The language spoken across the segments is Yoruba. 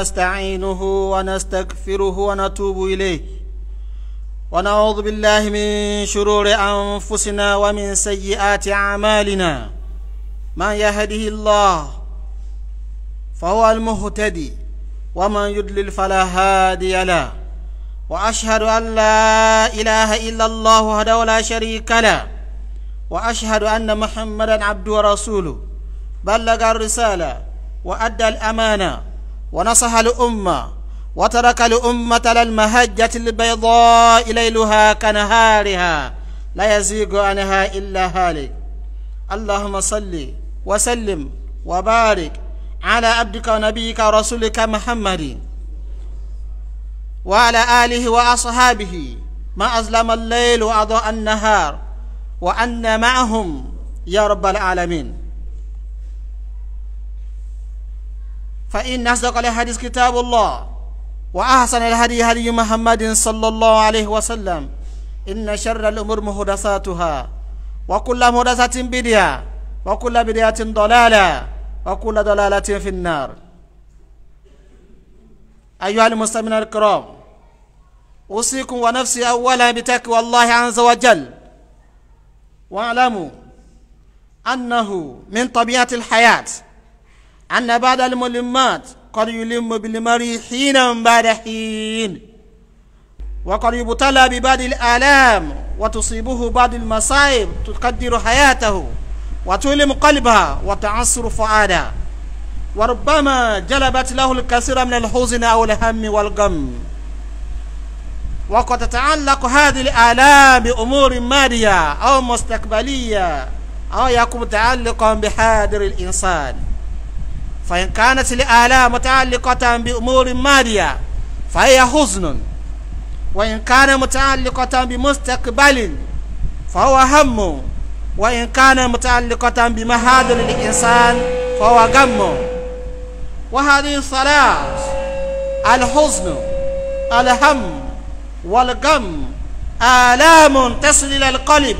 نستعينه ونستغفره ونتوب إليه ونعوذ بالله من شرور أنفسنا ومن سيئات أعمالنا من يهده الله فهو المهتدي ومن يدلل فلا هادي له وأشهد أن لا إله إلا الله وحده لا شريك له وأشهد أن محمدا عبده ورسوله بلغ الرسالة وأدى الأمانة ونصح الأمة وترك الأمة للمهجة البيضاء ليلها كنهارها لا يزيغ عنها إلا هالك اللهم صل وسلم وبارك على عبدك ونبيك ورسولك محمد وعلى آله وأصحابه ما أظلم الليل وأضاء النهار وأن معهم يا رب العالمين فإن أصدق الحديث كتاب الله وأحسن الهدي هدي محمد صلى الله عليه وسلم إن شر الأمور محدثاتها وكل محدثة بدعة وكل بدعة ضلالة وكل ضلالة في النار أيها المسلمين الكرام أوصيكم ونفسي أولا بتقوى الله عز وجل واعلموا أنه من طبيعة الحياة أن بعض الملمات قد يلم بالمرء حينا بعد حين وقد يبتلى ببعض الآلام وتصيبه بعض المصائب تقدر حياته وتؤلم قلبها وتعصر فؤاده وربما جلبت له الكثير من الحزن أو الهم والغم وقد تتعلق هذه الآلام بأمور مادية أو مستقبلية أو يكون متعلقا بحاضر الإنسان فإن كانت الآلاء متعلقة بأمور مادية فهي حزن وإن كان متعلقة بمستقبل فهو هم وإن كان متعلقة بمهادر الإنسان فهو غم وهذه الصلاة الحزن الهم والغم آلام تصل إلى القلب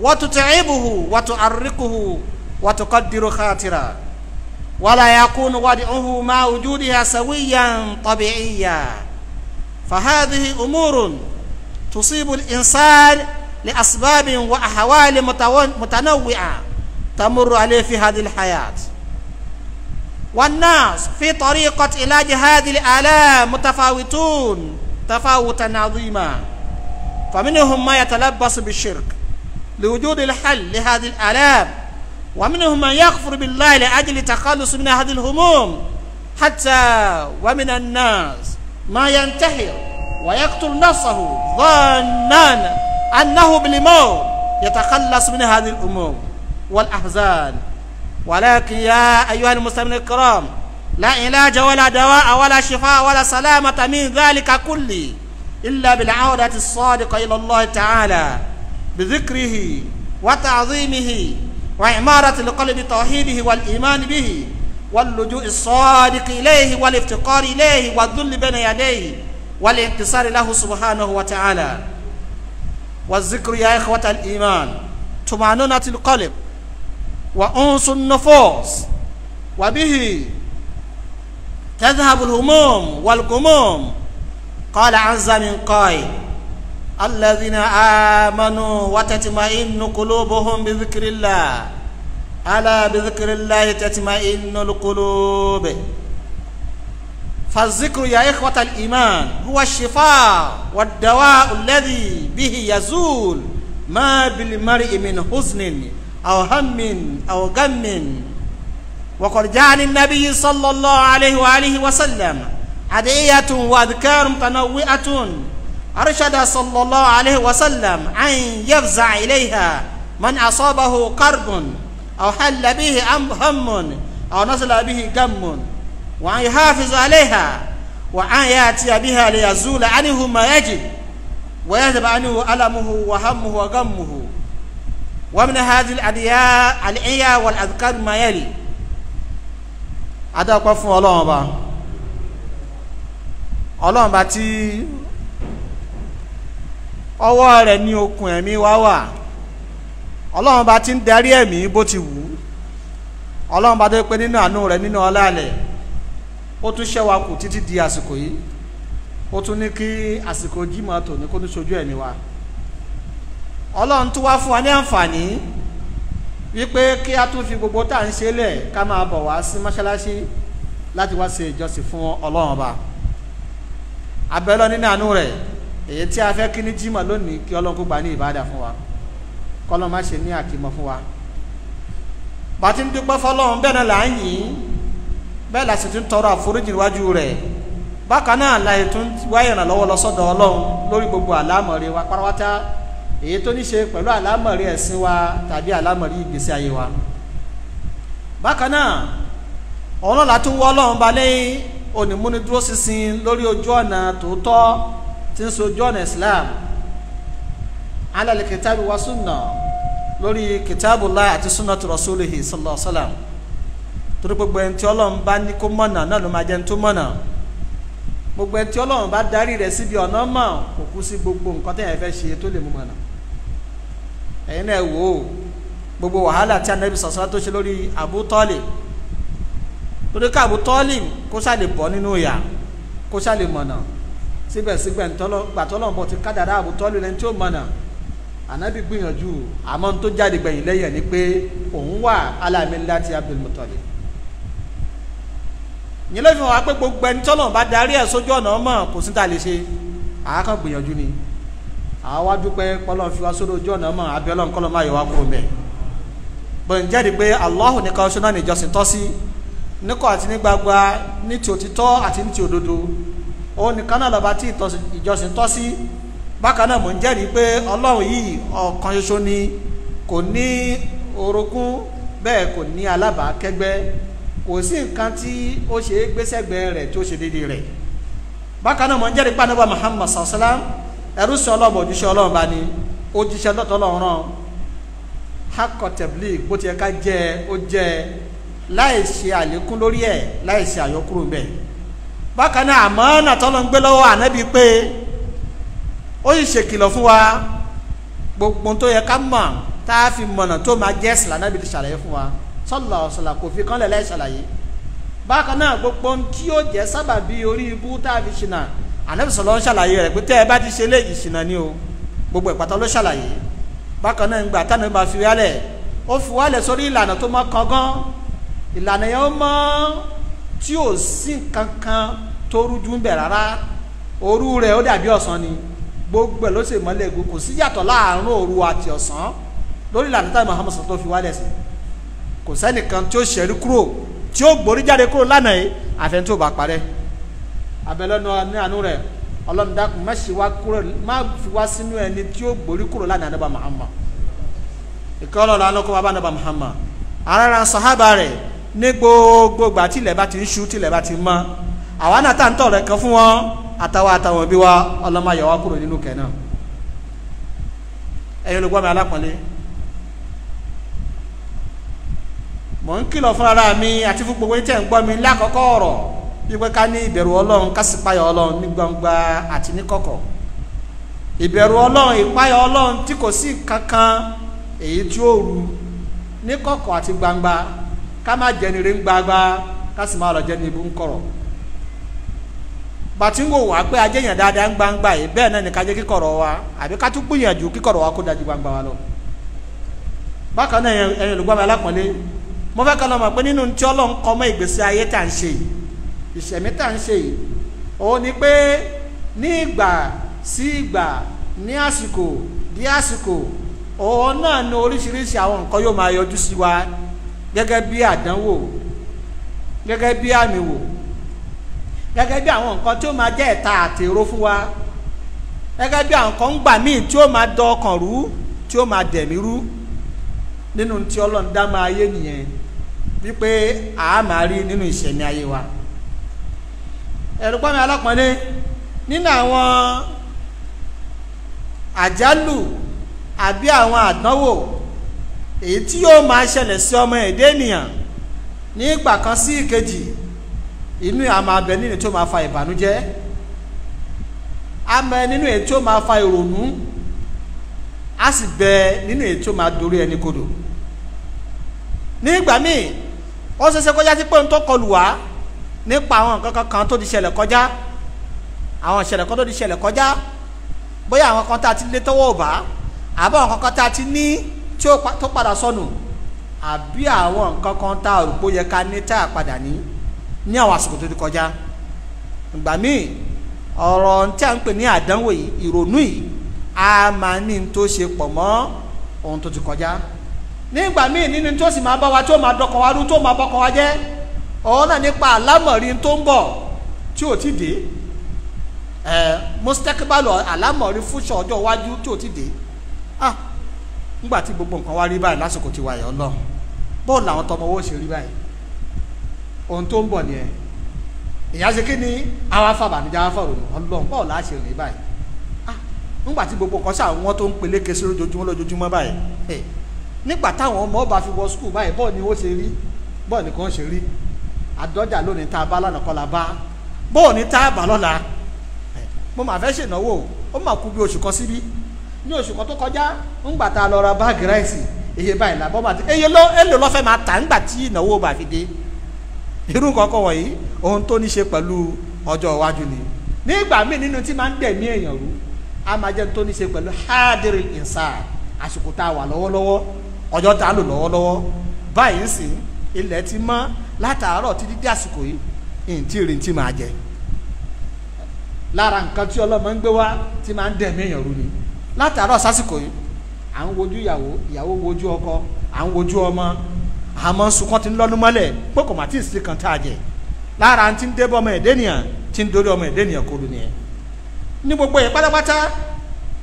وتتعبه وتعرقه وتقدر خاطره ولا يكون وضعه مع وجودها سويا طبيعيا فهذه أمور تصيب الإنسان لأسباب وأحوال متنوعة تمر عليه في هذه الحياة والناس في طريقة علاج هذه الآلام متفاوتون تفاوتا عظيما فمنهم ما يتلبس بالشرك لوجود الحل لهذه الآلام ومنهم من يغفر بالله لأجل تخلص من هذه الهموم حتى ومن الناس ما ينتحر ويقتل نفسه ظانا أنه بالموت يتخلص من هذه الأمور والأحزان ولكن يا أيها المسلمين الكرام لا علاج ولا دواء ولا شفاء ولا سلامة من ذلك كله إلا بالعودة الصادقة إلى الله تعالى بذكره وتعظيمه وإمارة القلب توحيده والإيمان به واللجوء الصادق إليه والافتقار إليه والذل بين يديه والانتصار له سبحانه وتعالى والذكر يا إخوة الإيمان تمعنونة القلب وأنس النفوس وبه تذهب الهموم والقموم قال عز من قائل الذين آمنوا وتطمئن قلوبهم بذكر الله ألا بذكر الله تطمئن القلوب فالذكر يا إخوة الإيمان هو الشفاء والدواء الذي به يزول ما بالمرء من حزن أو هم أو غم وقد جاء النبي صلى الله عليه وآله وسلم عدية وأذكار متنوعة أرشد صلى الله عليه وسلم أن يفزع إليها من أصابه قرب أو حل به هم أو نزل به غم وأن يحافظ عليها وأن يأتي بها ليزول عنه ما يجب ويذهب عنه ألمه وهمه وغمه ومن هذه الأدياء العيا والأذكار ما يلي أدعوكم الله أبا الله أبا ọwọ́ rẹ̀ ní okùn ẹ̀mí wa wà ọlọ́run bá ti ń darí ẹ̀mí bó ti wù ú ọlọ́run bá tó pé nínú àánú rẹ̀ nínú ọlá ó tún ṣẹ́ wa kù títí di àsìkò yìí ó tún ní kí àsìkò jímọ̀ tòní kó ní sojú ẹ̀mí wa ọlọ́run tún wá fún wa ní àǹfààní wípé kí a tún fi gbogbo tá à ń ṣe lẹ̀ ká máa bọ̀ wá sí mọ́ṣáláṣí láti wá ṣe ìjọsìn fún ọlọ́run ọba abẹ́lọ́ nínú àánú rẹ̀ èyí tí a fẹ́ kí ní jímọ̀ lónìí kí ọlọ́run kó gbà ní ìbádà fún wa kọ́lọ́n má ṣe ní àkímọ̀ fún wa bàtí ń dúpẹ́ fọlọ́run bẹ́ẹ̀ náà là ń yìn bẹ́ẹ̀ là sì tún tọrọ àforíjì níwájú rẹ̀ bákan náà la ètò wá ìrànlọ́wọ́ lọ sọ́dọ̀ ọlọ́run lórí gbogbo àlámọ̀rí wa pátápátá èyí tó ní ṣe pẹ̀lú àlámọ̀rí ẹ̀sìn wa tàbí àlámọ̀rí ìgbésí ayé wa bákan náà ọ̀run là wọ́ ọlọ́run balẹ̀ onímúnidúró ṣinṣin lórí ojú ọ̀nà tòótọ́ tí ń sojú ọ̀nà islam alẹ́ kìtàbí wa súnà lórí kìtàbù láì àti súnà tó rasulihi sallallahu alaihi wasallam torí gbogbo ẹni tí ọlọ́run bá ní kó mọ̀nà náà ló máa jẹ́ ní tó mọ̀nà gbogbo ẹni tí ọlọ́run bá darí rẹ̀ síbi ọ̀nà mọ̀ kò kú sí gbogbo nǹkan tẹ̀yàn fẹ́ ṣe tó lè mú mọ̀nà ẹ̀yin náà wò ó gbogbo wàhálà tí anabi sọ̀sọ́ tó ṣe lórí Abu torí ká Abu kó sá bọ́ nínú ìyà kó sá mọ̀nà síbẹ̀síbẹ̀ gbàtọ́lọ̀ bọ̀ ti kádàrá Abu Talib lẹ́ni tí ó mọ̀nà ànábì gbìyànjú àmọ́ tó jáde gbẹ̀yìn lẹ́yìn ni pé òun wà ala millati Abdul Muttalib yìí lọ́fi wọn pé gbogbo ẹni tọ́lọ̀ bá darí ẹ̀ sójú ọ̀nà ọmọ kò sí ta lè ṣe àákàn gbìyànjú ni àwa dúpẹ́ kọ́lọ́ fi wá sórí ojú ọ̀nà ọmọ abẹ́lọ́ kọ́lọ́ máa yọ wá kúrò mẹ́ bọ̀ ń jẹ́rìí pé Allahu nìkan ṣọ́nà níjọsìn tọ́ sí níkọ̀ àti ní gbagba ní ti òtítọ́ àti ní ti òdodo òun nìkan náà lọ́ba tí ìjọsìn tọ́ sí bákan náà mò ń jẹ́rìí pé ọlọ́run yìí ọ̀kan ṣoṣo ni kò ní orogún bẹ́ẹ̀ kò ní alábàákẹ́gbẹ́ kò sí nǹkan tí ó ṣe é gbésẹ̀gbẹ́ rẹ̀ tí ṣe déédéé rẹ̀ bákan mò ń jẹ́rìí pé anábà Muhammad sallam ẹrú sí ọlọ́ọ̀bọ̀ ojúṣe ọlọ́run bá ní ojúṣe lọ́tọ̀ọ́lọ́run rán hakọ tẹ̀blì bó ti yẹ ká jẹ́ ó jẹ́ láì ṣe àlékún lórí ẹ̀ láì ṣe àyọkúrò bẹ́ẹ̀ bákan náà àmánà tọ́lọ́ ń gbé lọ́wọ́ ànábì pé ó sì ṣèkìlọ̀ fún wa gbogbo tó yẹ ká mọ̀ tá a fi mọ̀nà tó máa jẹ́ ẹ̀sìn lànàbì ti ṣàlàyé fún wa sọ́lọ̀ ọ̀sọ̀là kò fi kán lẹ́lẹ́ ṣàlàyé bákan náà gbogbo tí ó jẹ́ sábàbí orí ibú tá a fi ṣìnà ànábì sọ̀lọ́ ń ṣàlàyé rẹ̀ pé tẹ́ ẹ bá ti ṣe léyìí ṣìnà ni o gbogbo ìpàtà ló ṣàlàyé bákan náà ńgbà tánà máa tí ò sí kankan tó rújú ń bẹ̀ rárá òru rẹ̀ ó dàbí ọ̀sán ni gbogbo ẹ̀ ló sì mọ́lẹ̀ egun kò sí yàtọ̀ láàárín òru àti ọ̀sán lórí ìlànà táwọn Muhammad sọ tó fi wálẹ̀ sí kò sẹ́nìkan tí ó ṣẹ̀rí kúrò tí ó gborí jáde kúrò lánàá yìí àfẹn tí ò bá parẹ́ abẹ́lẹ́nu ní àánú rẹ̀ ọlọ́run dákun má ṣe wá kúrò má fi wá sínú ẹni tí ó gborí kúrò lánàá nípa Muhammad ìkọlọ́ọ̀lọ́ alọ́kọ́ wa bá nípa Muhammad arára sahaba rẹ̀ ní gbogbo ìgbà tílẹ̀ bá ti ń ṣú tílẹ̀ bá ti mọ́ àwa náà tá à ń tọ̀ rẹ̀ kan fún wọn àtàwọn àtàwọn bí wa ọlọ́mọ ayọ̀ wa kúrò nínú kẹ̀ náà ẹ̀yin olùgbọ́ mi alápọ̀nlé mò ń kìlọ̀ fún ara mi àti fún gbogbo tẹ̀ ń gbọ́ mi lákọ̀ọ́kọ́ ọ̀rọ̀ wípé ká ní ìbẹ̀rù ọlọ́run ká ọlọ́run ní gbangba àti ní kọ̀kọ̀ ìbẹ̀rù ọlọ́run ìpáyà ọlọ́run tí kò sí kankan èyí tí ó ru ní kọ̀kọ̀ àti gbangba ká má jẹni rẹ ń gbagba ká sì má lọ jẹni ibú ń kọ̀rọ̀ bàtí ń wò wá pé ajé yẹn dáadáa ń gbangba yìí bẹ́ẹ̀ náà ni jẹ́ kíkọ̀rọ̀ wa àbí ká tún gbìyànjú kíkọ̀rọ̀ wa kó dájú gbangba wa lọ bákan náà ẹ̀yin olùgbàmọ alápọ̀nlé mo fẹ́ kọ́ lọ mọ̀ pé nínú tí Ọlọ́run kọ́ mọ́ ìgbésí ayé tá à ń ṣe ìṣẹ̀mí tá à ṣe òun ni pé ní ìgbà sí ìgbà ní àsìkò di àsìkò òun náà ní oríṣiríṣi àwọn nǹkan yóò máa yọjú sí wa gẹ́gẹ́ bí àdánwò gẹ́gẹ́ bí àmì wò gẹ́gẹ́ bí àwọn nǹkan tí ó máa jẹ́ ẹ̀ta àtèrò fún wa gẹ́gẹ́ bí àwọn nǹkan ń gbà míì tí ó máa dọ ọkàn rú tí ó máa dẹ̀mí rú nínú tí ọlọ́run dá máa yé nìyẹn wípé a máa rí nínú ìṣẹ̀mí ayé wa ẹ̀rù pọ́nmi alápọ̀nlé nínú àwọn àjálù àbí àwọn àdánwò èyí tí yóò máa ṣẹlẹ̀ sí ọmọ ẹ̀dẹ́ ènìyàn ní ìgbà kan sí ìkejì inú àmà abẹ nínú tí ó máa fa ìbànújẹ́ àmọ́ nínú èyí tí ó máa fa ìrònú a sì bẹ nínú èyí tí ó máa dorí ẹni kodò ní ìgbà míì ó ṣeéṣe kó yá sí pé n tó kọlù wá nípa àwọn nǹkan kankan tó ti ṣẹlẹ̀ kọjá àwọn ìṣẹ̀lẹ̀ kan tó ti ṣẹlẹ̀ kọjá bóyá àwọn kan tá a ti lé tọ́wọ́ ò bá àbá àwọn tá a ti ní tí ó tó padà sọnù àbí àwọn nǹkan kan tá a rò pé ó yẹ ká ní tá a padà ní ní àwọn àsìkò tó ti kọjá ìgbà míì ọ̀rọ̀ tí a ń pè ní àdánwò yìí ìrònú yìí a máa ní tó ṣe pọ̀ mọ́ ohun tó ti kọjá nígbà míì nínú tó sì máa bá wa tí ó máa dọkọ̀ wa rú tó máa bọ́kọ̀ wa jẹ́ ọ̀hún náà nípa àlámọ̀rí tó ń bọ̀ tí ò ti dé ẹ̀ mọ́sítẹ́kíbálò àlámọ̀rí fúnṣọ̀ ọjọ́ iwájú tí ò ti dé ah nígbà tí gbogbo nǹkan wá rí báyìí lásìkò ti wàyà ọlọ́run bọ́ọ̀lù àwọn tọmọ owó ṣe rí báyìí ohun e ń bọ̀ nìyẹn ìyá ṣe kí ni àwa fàbànújẹ́ àwa fọ̀rọ̀ ọlọ́run bọ́ọ̀lù á ṣe rí báyìí ah, nígbà tí gbogbo nǹkan sáà wọ́n tó ń peléke sí lójoojúmọ́ lójoojúmọ́ báyìí nígbà táwọn ọmọ ọba fi wọ skul báyìí bọ́ọ̀ ni ó ṣe rí bọ́ọ̀ ni kàn ṣe rí àdọ́jà lónìí tá a bá lánàá kọ́ la bá bọ́ọ̀ ni tá a bá lọ́la mo máa fẹ́ ṣènáwó ó máa kú bí oṣù kan síbí ní oṣù kan tó kọjá ńgbà tá a lọ ra báàgì ráìsì iye báyìí làbọ́ bá ti eye ló èlò lọ́fẹ́ máa tà ńgbà tí ìnáwó bá fi dé irú kọ̀ọ̀kan wọ̀nyí ohun tó ní ṣe pẹ̀lú ọjọ́ iwájú ni nígbà míì nínú tí máa ń dẹ̀mí èèyàn rú a máa jẹ́ tó ní ṣe pẹ̀lú hadiri insa àsìkò tá a wà lọ́wọ́lọ́wọ́ ọjọ́ tá a lò lọ́wọ́lọ́wọ́ báyìí ń ilẹ̀ ti mọ́ látàárọ̀ títí dé àsìkò yìí ntí rìn tí máa jẹ lára nǹkan tí ọlọ́mọ ń gbé wá tí máa ń dẹ̀mí èèyàn rú ni látàárọ̀ sásìkò yìí à ń wojú ìyàwó ìyàwó wojú ọkọ à ń wojú ọmọ àmọ́ sunkún ti ń lọ́nu mọ́lẹ̀ pé kò má tí ì sí kan tá a jẹ lára ti ń débọ́ ọmọ ẹ̀dẹ́ nìyàn ti ń dorí ọmọ ẹ̀dẹ́ nìyàn kọlu nìyẹn ní gbogbo ẹ̀ pátápátá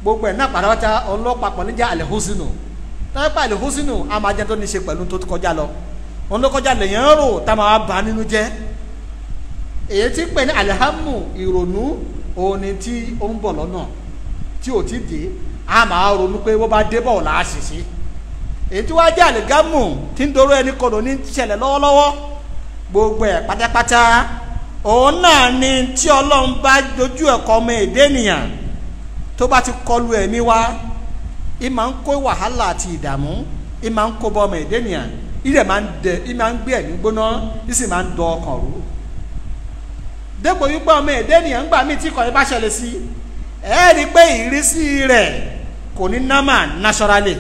gbogbo ẹ̀ náà pátápátá ọlọ́pàá pọ̀ níjà àlẹ́húsínù tọ́pẹ́ àlẹ́húsínù a máa jẹ́ tó ní ṣe pẹ̀lú tó kọjá lọ òun ló kọjá lèyàn rò tá a máa bá nínú jẹ́ èyí tí pẹ̀ ní àlẹ́hámù ìrònú òun ni ó ń bọ̀ lọ́nà tí o ti di a máa ronú pé wọ́n bá dé bọ̀ èyí tí wàá jẹ́ àlìgámù tí ń doró ẹni kọ̀dọ̀ ní ṣẹlẹ̀ lọ́wọ́lọ́wọ́ gbogbo ẹ̀ pátápátá òun náà ni tí ọlọ́run ọmọ èdè nìyàn tó kọlu ẹ̀mí wa ì máa ń kó wàhálà àti ìdààmú ì máa ń kó ọmọ èdè nìyàn máa ń dẹ ì máa ń gbé ẹ̀mí gbóná ì sì máa ń dọ ọkàn bá ṣẹlẹ̀ sí ẹ rí i pé ìrísí rẹ̀ kò ní námà naturally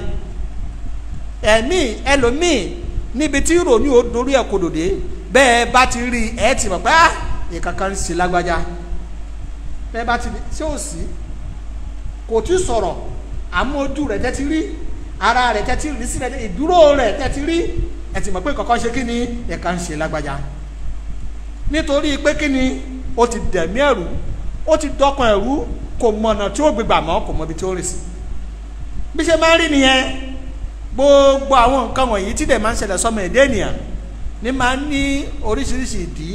ẹ̀mí ẹlòmíì níbi tí ìròyìn ò dorí ẹ̀ kodò dé bẹ́ẹ̀ bá ti rí ẹ ti mọ̀ pé ah, ìkankan ń ṣe lágbájá bẹ́ẹ̀ bá ti rí ṣé ò sí kò tí sọ̀rọ̀ àmójú rẹ̀ tẹ́tí rí ara rẹ̀ tẹ́tí rí sí rẹ̀ ìdúró rẹ̀ tẹ́tí rí ẹ ti mọ̀ pé kankan ṣe kí ni ẹ̀ka ń ṣe lágbájá nítorí pé kí ni ó ti dẹ̀mí ẹ̀rú ó ti dọkàn ẹ̀rú kò mọ̀nà tí ó gbégbà mọ́ kò mọ ibi tí ó rìn sí bí ṣe máa ń rí nìyẹn gbogbo àwọn nǹkan wọ̀nyí tí dẹ̀ máa ń ṣẹlẹ̀ sọmọ ẹ̀dẹ́ ènìyàn ní máa ń ní oríṣiríṣi ìdí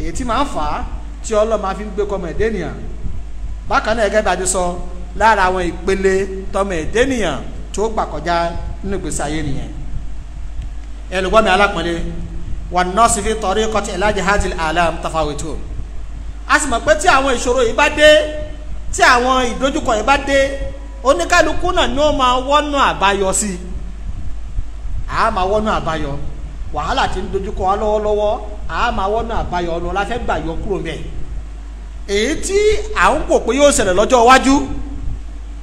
èyí tí máa ń fà á tí ọlọ́ọ̀ máa fi ń gbé kọmọ ẹ̀dẹ́ ènìyàn bákan náà gẹ́gẹ́ bá ti sọ lára àwọn ìpele tọmọ ẹ̀dẹ́ ènìyàn tó gbà kọjá nínú ìgbésí ayé nìyẹn ẹlùgbọ́n mi alápọ̀nlé wà nọ́ọ̀sì fi tọrí kọtí ẹ̀lájì hajj alam tafawetò a sì mọ̀ pé tí àwọn ìṣòro yìí bá dé tí àwọn ìdojúkọ yẹn bá dé oníkálukú náà ni ó máa wọ́nà àbáyọ sí i a máa wọ́nà àbáyọ wàhálà tí ń dojúkọ wa lọ́wọ́lọ́wọ́ a máa wọ́nà àbáyọ ọ̀nà la fẹ́ gbà yọ kúrò mẹ́ èyí tí à ń pò pé yóò ṣẹlẹ̀ lọ́jọ́ iwájú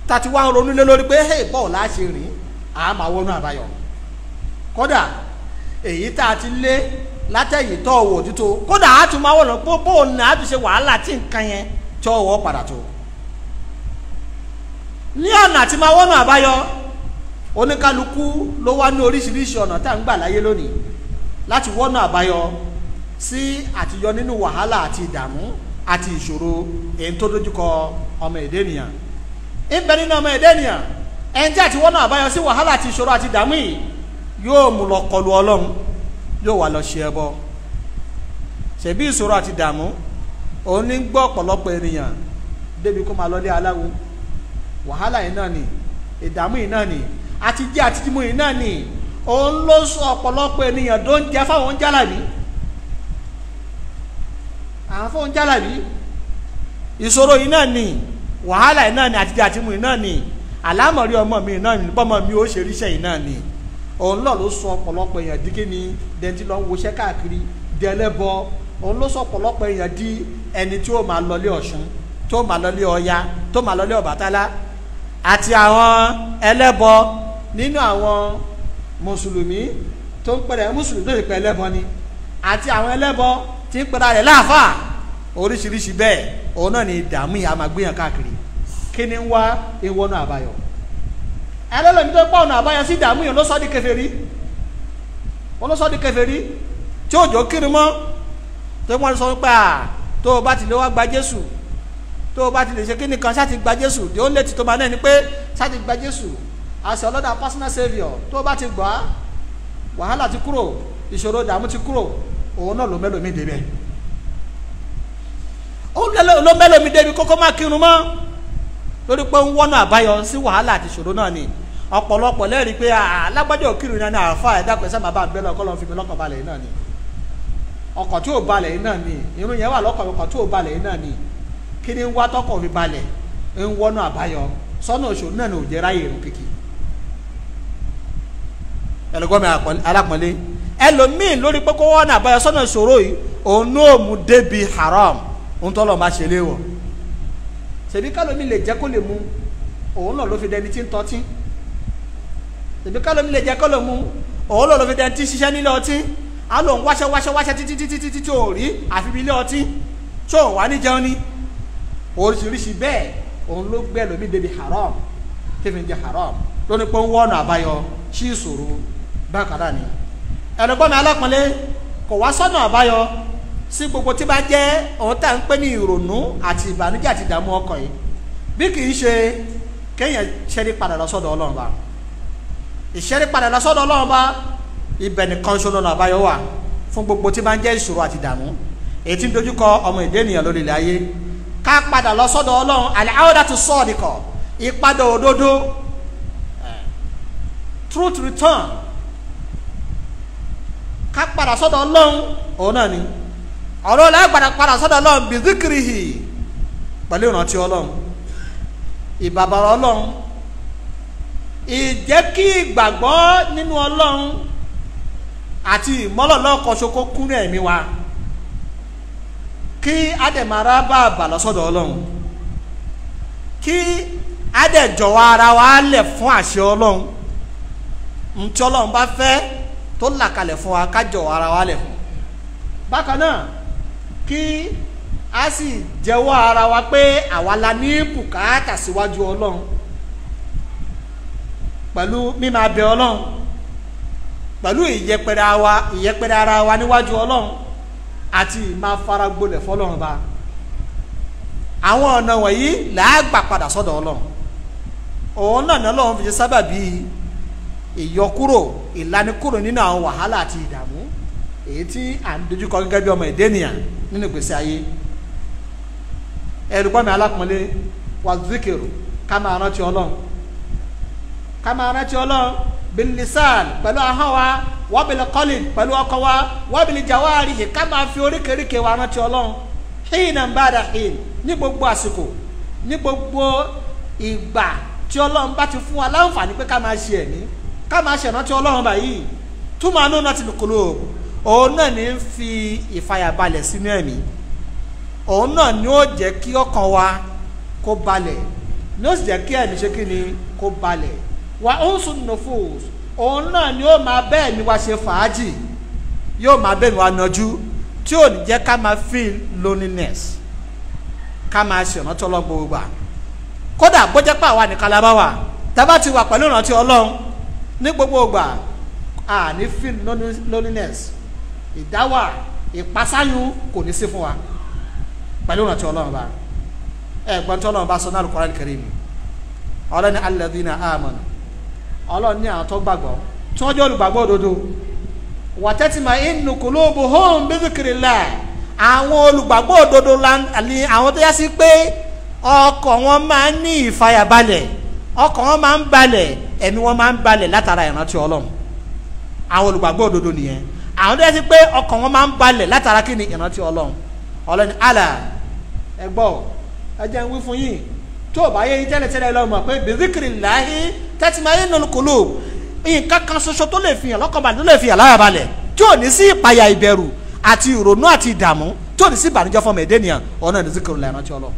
tàti wá ń ronú lé lórí pé hey bọ́ọ̀ la ṣe rìn a máa wọ́nà àbáyọ kódà èyí tá a ti lé látẹ̀yìn tọ́ ọ̀wọ̀ òtítọ́ kódà a tún máa wọ̀nà pé bóun náà a tún ṣe wàhálà tí nǹkan yẹn tọ́ ọ̀wọ̀ padà tó ní ọ̀nà àti máa wọ́nà àbáyọ oníkálukú ló wá ní oríṣiríṣi ọ̀nà tá à ń gbà láyé lónìí láti wọ́nà àbáyọ sí àtiyọ nínú wàhálà àti ìdààmú àti ìṣòro èyí tó dojúkọ ọmọ èdè ènìyàn ń bẹ nínú ọmọ èdè ènìyàn ẹni tí àti wọ́nà àbáyọ sí wàhálà àti ìṣòro àti ìdààmú yìí yóò mú lọ kọlu ọlọ́run yóò wá lọ ṣe ẹbọ ṣebí ìṣòro àti ìdààmú òun ní gbọ́ ọ̀pọ̀lọpọ̀ wàhálà yìí náà ni ìdààmú yìí náà ni àti jẹ yìí náà ni òun ló sọ ọ̀pọ̀lọpọ̀ ènìyàn tó ń jẹ fáwọn jálàbí àwọn fáwọn jálàbí ìṣòro yìí náà ni wàhálà yìí náà ni àti jẹ àti mímu yìí náà ni àlámọ̀rí ọmọ mi náà ni bọ́mọ mi ó ṣe ríṣẹ́ yìí náà ni òun lọ ló sọ ọ̀pọ̀lọpọ̀ èèyàn di kíni dẹ́ntì lọ ń woṣẹ́ káàkiri di ẹlẹ́bọ òun ló sọ ọ̀pọ̀lọpọ̀ èèyàn di ẹni tí ó máa lọlé Ọ̀ṣun tó máa lọlé Ọya tó máa lọlé Ọbàtálá àti àwọn ẹlẹ́bọ nínú àwọn mùsùlùmí tó ń pẹ̀lẹ́ mùsùlùmí tó ń pẹ̀lẹ́ ẹlẹ́bọ ni àti àwọn ẹlẹ́bọ tí ń pẹ̀lẹ́ rẹ̀ láàfáà oríṣiríṣi bẹ́ẹ̀ òun náà ni ìdààmú yìí a máa gbéyàn káàkiri kí ni ń wá ìwọ́nú àbáyọ ẹlẹ́lẹ́mi tó pọ̀ ọ̀nà àbáyọ sí ìdààmú yìí ló sọ́ di kèfèrí wọ́n ló sọ́ di kèfèrí tí òjò kiri mọ́ tó wọ́n sọ pé à tó o bá ti lè wá gba Jésù tó o bá ti lè ṣe kíni kan ṣáàtì gba jésù the only thing tó máa náà ni pé ṣáàtì gba jésù as your Lord and personal saviour tó o bá ti gbà á wàhálà ti kúrò ìṣòro ìdààmú ti kúrò òun náà ló mẹ́lòmí débẹ̀ òun ló mẹ́lòmí débi kókó má kírun mọ́ lórí pé ń wọ́nà àbáyọ sí wàhálà àti ìṣòro náà ni ọ̀pọ̀lọpọ̀ lẹ́rìí pé alágbájọ òkìrù náà ni àáfà ẹ̀dàpẹ́ sábà bá bẹ́ẹ̀ fi mi lọ́kàn balẹ̀ náà ni ọkọ̀ tí ò balẹ̀ náà ni irun yẹn wà lọ́kàn ọkọ̀ tí ò balẹ̀ náà ni kí ni ń wá tọkọ̀ fi balẹ̀ ń wọ́nà àbáyọ sọ́nà òṣòro náà ní òjẹ́ ráyè èrò kìkì ẹlẹgọmi alápọnlé ẹlòmíì lórí pé kó wọ́n àbáyọ sọ́nà ìṣòro yìí òun náà mú débi haram òun tọ́lọ̀ máa ṣe léwọ̀ ṣèbí kálómi lè jẹ́ kó lè mú òun náà ló fi dẹni tí ń tọ́tí ṣèbí kálómi lè jẹ́ kó lè mú òun náà ló fi dẹni tí ń ṣiṣẹ́ nílé ọtí á lòun wáṣẹ́ wáṣẹ́ wáṣẹ́ títí títí tí ò rí àfi oríṣiríṣi bẹ́ẹ̀ òun ló gbẹ́ lómi débi haram tẹ́fẹ̀ ń jẹ haram lónìí pé ń wọ́nà àbáyọ sí ìṣòro bákan náà ni ẹ̀rọ̀gbọ́n mi alápọ̀nlé kò wá sọ́nà àbáyọ sí gbogbo tí bá jẹ́ òun tá à ń pè ní ìrònú àti ìbànújẹ́ àti ìdààmú ọkàn yìí bí kì í ṣe kéèyàn ṣẹ́rí padà lọ sọ́dọ̀ ọlọ́run bá ìṣẹ́rí padà lọ sọ́dọ̀ ọlọ́run bá ibẹ̀ nìkan ṣoṣo lọ́nà àbáyọ wà fún gbogbo tí bá ń jẹ́ ìṣòro àti ìdààmú èyí tí ń dojúkọ ọmọ ìdí ènìyàn lórí ayé ká padà lọ sọ́dọ̀ ọlọ́run àlẹ́ àwọ̀dà tó sọ ọ̀dìkọ̀ ìpadà òdodo truth return ká padà sọ́dọ̀ ọlọ́run òun náà ni ọ̀rọ̀ ọlọ́run padà padà sọ́dọ̀ ọlọ́run bìzíkìrìhì pẹ̀lú ìrántí ọlọ́run ìbàbàrọ̀ ọlọ́run ìjẹ́ kí ìgbàgbọ́ nínú ọlọ́run àti ìmọ́lọ́lọ́kọ̀ṣoko kúnú ẹ̀mí wa. kí adẹ̀mára bá bà lọ́sọ̀dọ̀ ọlọ́run kí adẹ̀jọ̀wọ́ ara wa lẹ̀ fún àṣẹ ọlọ́run ntí ọlọ́run bá fẹ́ tó là fún wa kájọ̀wọ́ ara wa a sì jẹ́wọ́ ara wa pé àwa la ní bùkátà síwájú ọlọ́run pẹ̀lú mímọ̀ ọlọ́run pẹ̀lú n'iwaju ara àti ìmá faragbolẹ̀ fọlọ́run ba àwọn ọ̀nà wọ̀nyí làágbà padà sọ́dọ̀ ọlọ́run òun náà ní ọlọ́run fi ṣe sábàbí ìyọkúrò ìlanikúrò nínú àwọn wàhálà àti ìdààmú èyí tí à ń dojúkọ gẹ́gẹ́ bí ọmọ èdè nìyà nínú ìgbésí ayé ẹ̀rùgbọ́n mi alákùnlé wà zikiru ká máa rántí ọlọ́run ká máa rántí ọlọ́run bilisan pẹ̀lú ahọ́n wa wọ́bìlì kọ́lìn pẹ̀lú ọkọ̀ wa wọ́bìlì jawari yìí ká máa fi oríkèéríkè wa rántí ọlọ́run hìn náà ń bá dà hìn ní gbogbo àsìkò ní gbogbo ìgbà tí ọlọ́run bá ti fún wa láǹfààní pé ká máa ṣe ẹ̀mí ká máa ṣe ìrántí ọlọ́run báyìí túmọ̀ àánú náà ti lùkúlù òun náà ní fi ìfàyàbalẹ̀ sínú ẹ̀mí òun náà ni ó jẹ́ kí ọkàn wa kó balẹ̀ ni ó sì jẹ́ kí ẹ̀mí ṣe kí ni kó balẹ̀ wa ó ń sùn nù fòs òun náà ni ó máa bẹ́ẹ̀ mi wá ṣe fàájì yóò máa bẹ́ẹ̀ mi wá nájú tí ò ní jẹ́ ká máa feel loneliness ká máa ṣe ọ̀nà tọ́lọ́ gbogbo gbà kódà bọ́jẹ́ pé àwa nìkan la bá wà tábà ti wà pẹ̀lú ìrántí ọlọ́run ní gbogbo gbà à ní feel loneliness ìdáwà ìpasáyún kò ní sí fún wa pẹ̀lú ìrántí ọlọ́run bá ẹ̀gbọ́n tí ọlọ́run bá sọ náà Al-Qur'an Al-Karim ọlọ́ni alladhina amanu. ọlọ́run ní gbàgbọ́ tí wọ́n jẹ́ olùgbàgbọ́ òdodo wàtẹ́tì máa ń nu kòlóòbù hóun bíbíkiri àwọn ni àwọn tó yá sí pé wọn máa ń ní ìfàyàbalẹ̀ ọkọ̀ wọn máa ń balẹ̀ ẹ̀mí wọn máa ń balẹ̀ látara ìrántí ọlọ́run àwọn olùgbàgbọ́ òdodo nìyẹn àwọn tó yá sí wọn máa ń balẹ̀ látara kí ni ìrántí ọlọ́run àlà ẹgbọ́ ẹ jẹ́ ń wí fún tó o tẹ́tí máa yé nínú kòló nǹkan kan ṣoṣo tó lè fihàn lọ́kànbalẹ̀ tó lè fihàn láyàbalẹ̀ tí ò ní sí ìpayà ìbẹ̀rù àti ìrònú àti ìdààmú tí ò ní sí ìbànújẹ́ fọmọ èdè nìyàn ọ̀nà ní zikiru ìrántí ọlọ́run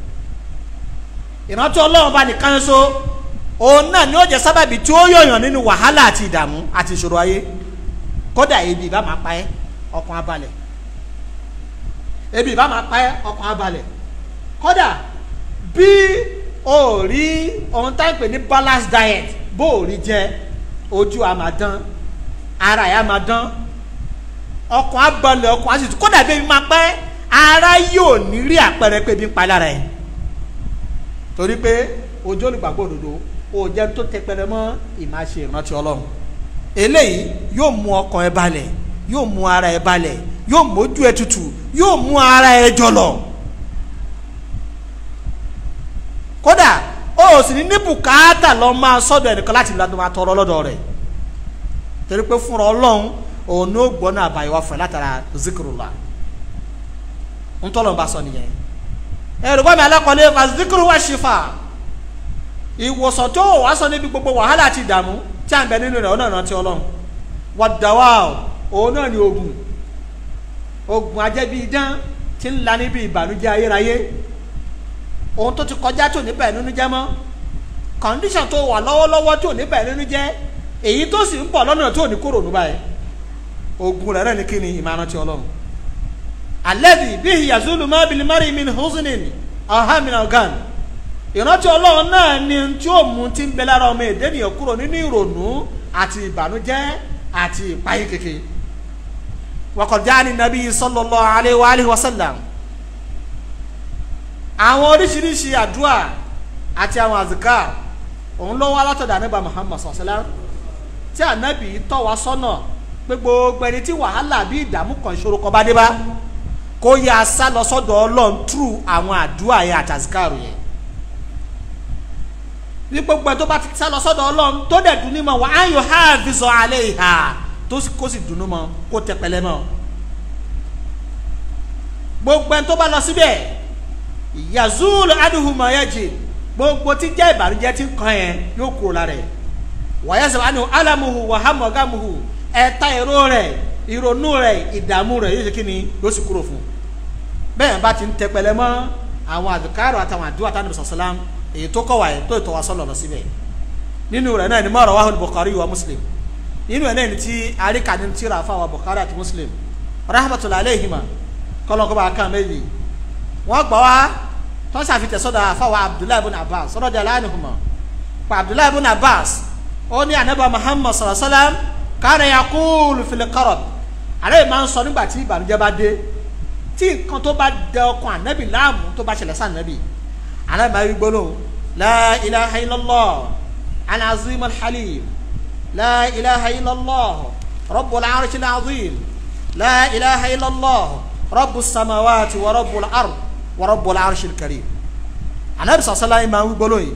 ìrántí ọlọ́run bá nìkan ṣo òun náà ni ó jẹ́ sábàbí tí ó yọ̀yàn nínú wàhálà àti ìdààmú àti ìṣòro ayé kódà ebi ìbá máa pa ẹ́ ọkàn abalẹ̀ ebi ìbá máa pa ẹ́ ọkàn abalẹ̀ kódà bí o rí ohun tá à ń pè ní balanced diet bóòrí jẹ ojú àmàdán ara ẹ̀ àmàdán ọkàn abalẹ̀ ọkàn àti kódà bẹ́ẹ̀ máa pẹ́ ara yóò ní rí àpẹẹrẹ pé bí ń pa lára ẹ̀ torí pé ojú olùgbàgbọ́ òdodo ó jẹ́ tó tẹpẹrẹ mọ́ ìmáṣe ìrántí ọlọ́run eléyìí yóò mú ọkàn ẹ balẹ̀ yóò mú ara ẹ balẹ̀ yóò mójú ẹ tutù yóò mú ara ẹ jọlọ kódà ó sì ní ní kaata lọ máa sọ́dọ̀ ẹnìkan láti lọ máa tọrọ lọ́dọ̀ rẹ̀ torí pé fúnra ọlọ́run òun ní ó àbáyọ fún ẹ látara zikrula ń bá sọ nìyẹn ẹ̀rù bọ́ mi zikru wa shifa ìwòsàn tó wàá sọ níbi gbogbo wàhálà àti ìdààmú tí à ń bẹ nínú ọ̀nà wà dàwà òun náà ni oògùn oògùn ti ń la níbi ohun tó ti kọjá tí ò ní bẹ̀rẹ̀ nínú jẹ́ mọ́ condition tó wà lọ́wọ́lọ́wọ́ tí ò ní bẹ̀rẹ̀ nínú jẹ́ èyí tó sì ń bọ̀ lọ́nà tí ò ní kúrò nù báyìí ogun rẹ̀ rẹ̀ ní kí ni ìmọ̀ràn ti ọlọ́run alẹ́bí bí yazulu má mari min husnin ahamin ogan ìrántí ọlọ́run náà ni tí ó mú ti ń bẹ lára ọmọ èdè nìyẹn kúrò nínú ìrònú àti ìbànújẹ́ àti ìpáyé kékeré wakọ̀jáni nàbí sallallahu alaihi wa alihi àwọn oríṣiríṣi àdúà àti àwọn àzìká òun ló wá látọ̀dọ̀ ànábà Muhammad sọ̀sẹ́lá tí ànábì tọ̀ wá sọ́nà pé gbogbo ẹni tí wàhálà bí ìdààmú kan ìṣòro kan bá dé bá kó yá a sá lọ sọ́dọ̀ ọlọ́run tú àwọn àdúà yẹn àtàzìká rò yẹn ní gbogbo ẹ̀ tó bá ti sá lọ sọ́dọ̀ ọlọ́run tó dẹ̀ dùn ní mọ̀ wá ayọ̀ ha fi sọ alẹ́ ìhà kó sì dùnú mọ́ kó tẹpẹlẹ mọ́ gbogbo ẹ̀ tó bá lọ síbẹ̀ yazul aduhuma yajin gbogbo tí jẹ́ ìbànújẹ́ tí kàn yẹn yóò kúrò lára ẹ̀ wàyẹ̀sẹ̀ wà ní alamuhu wàhámọ̀gámuhu ẹ̀ta ìró rẹ̀ ìrònú rẹ̀ ìdààmú rẹ̀ yóò ṣe kí ni yóò sì kúrò fún bẹ́ẹ̀ bá ti ń tẹpẹlẹ mọ́ àwọn àdùkárò àtàwọn àdúrà tánàbí sàlám èyí tó kọ̀ wáyé tó ìtọ́wá sọ́lọ̀ lọ síbẹ̀ nínú rẹ̀ náà ni mọ́ọ̀rọ̀ wàhùn Bukhari wa Muslim nínú ẹ̀ náà ni ti àríkà ní tíra fáwọn Bukhari àti Muslim rahmatulahi alayhima kọ́lọ́kọ́ bá a kàn méjì wọ́n gbọ́ wá tọ́n ṣàfihàn sọ́dọ̀ àfáwà abdullahi ibn abbas sọ́dọ̀ di aláìníhùnmọ̀ pa abdullahi ibn abbas ó ní anábà muhammad sallallahu alayhi wa sallam kana yaqulu fil karab àlẹ́ yìí máa ń sọ nígbà tí ìbànújẹ́ bá dé tí nǹkan tó bá dẹ ọkàn ànábì láàmú tó bá ṣẹlẹ̀ sànábì àlẹ́ máa wí gbólóhùn la ilaha illallah al-azim al la ilaha illallah rabbul arshil azim la ilaha illallah rabbus samawati wa rabbul ard. ورب rabbul arshil karim anabi sàṣàlàyé máa ń wí gbólóyìn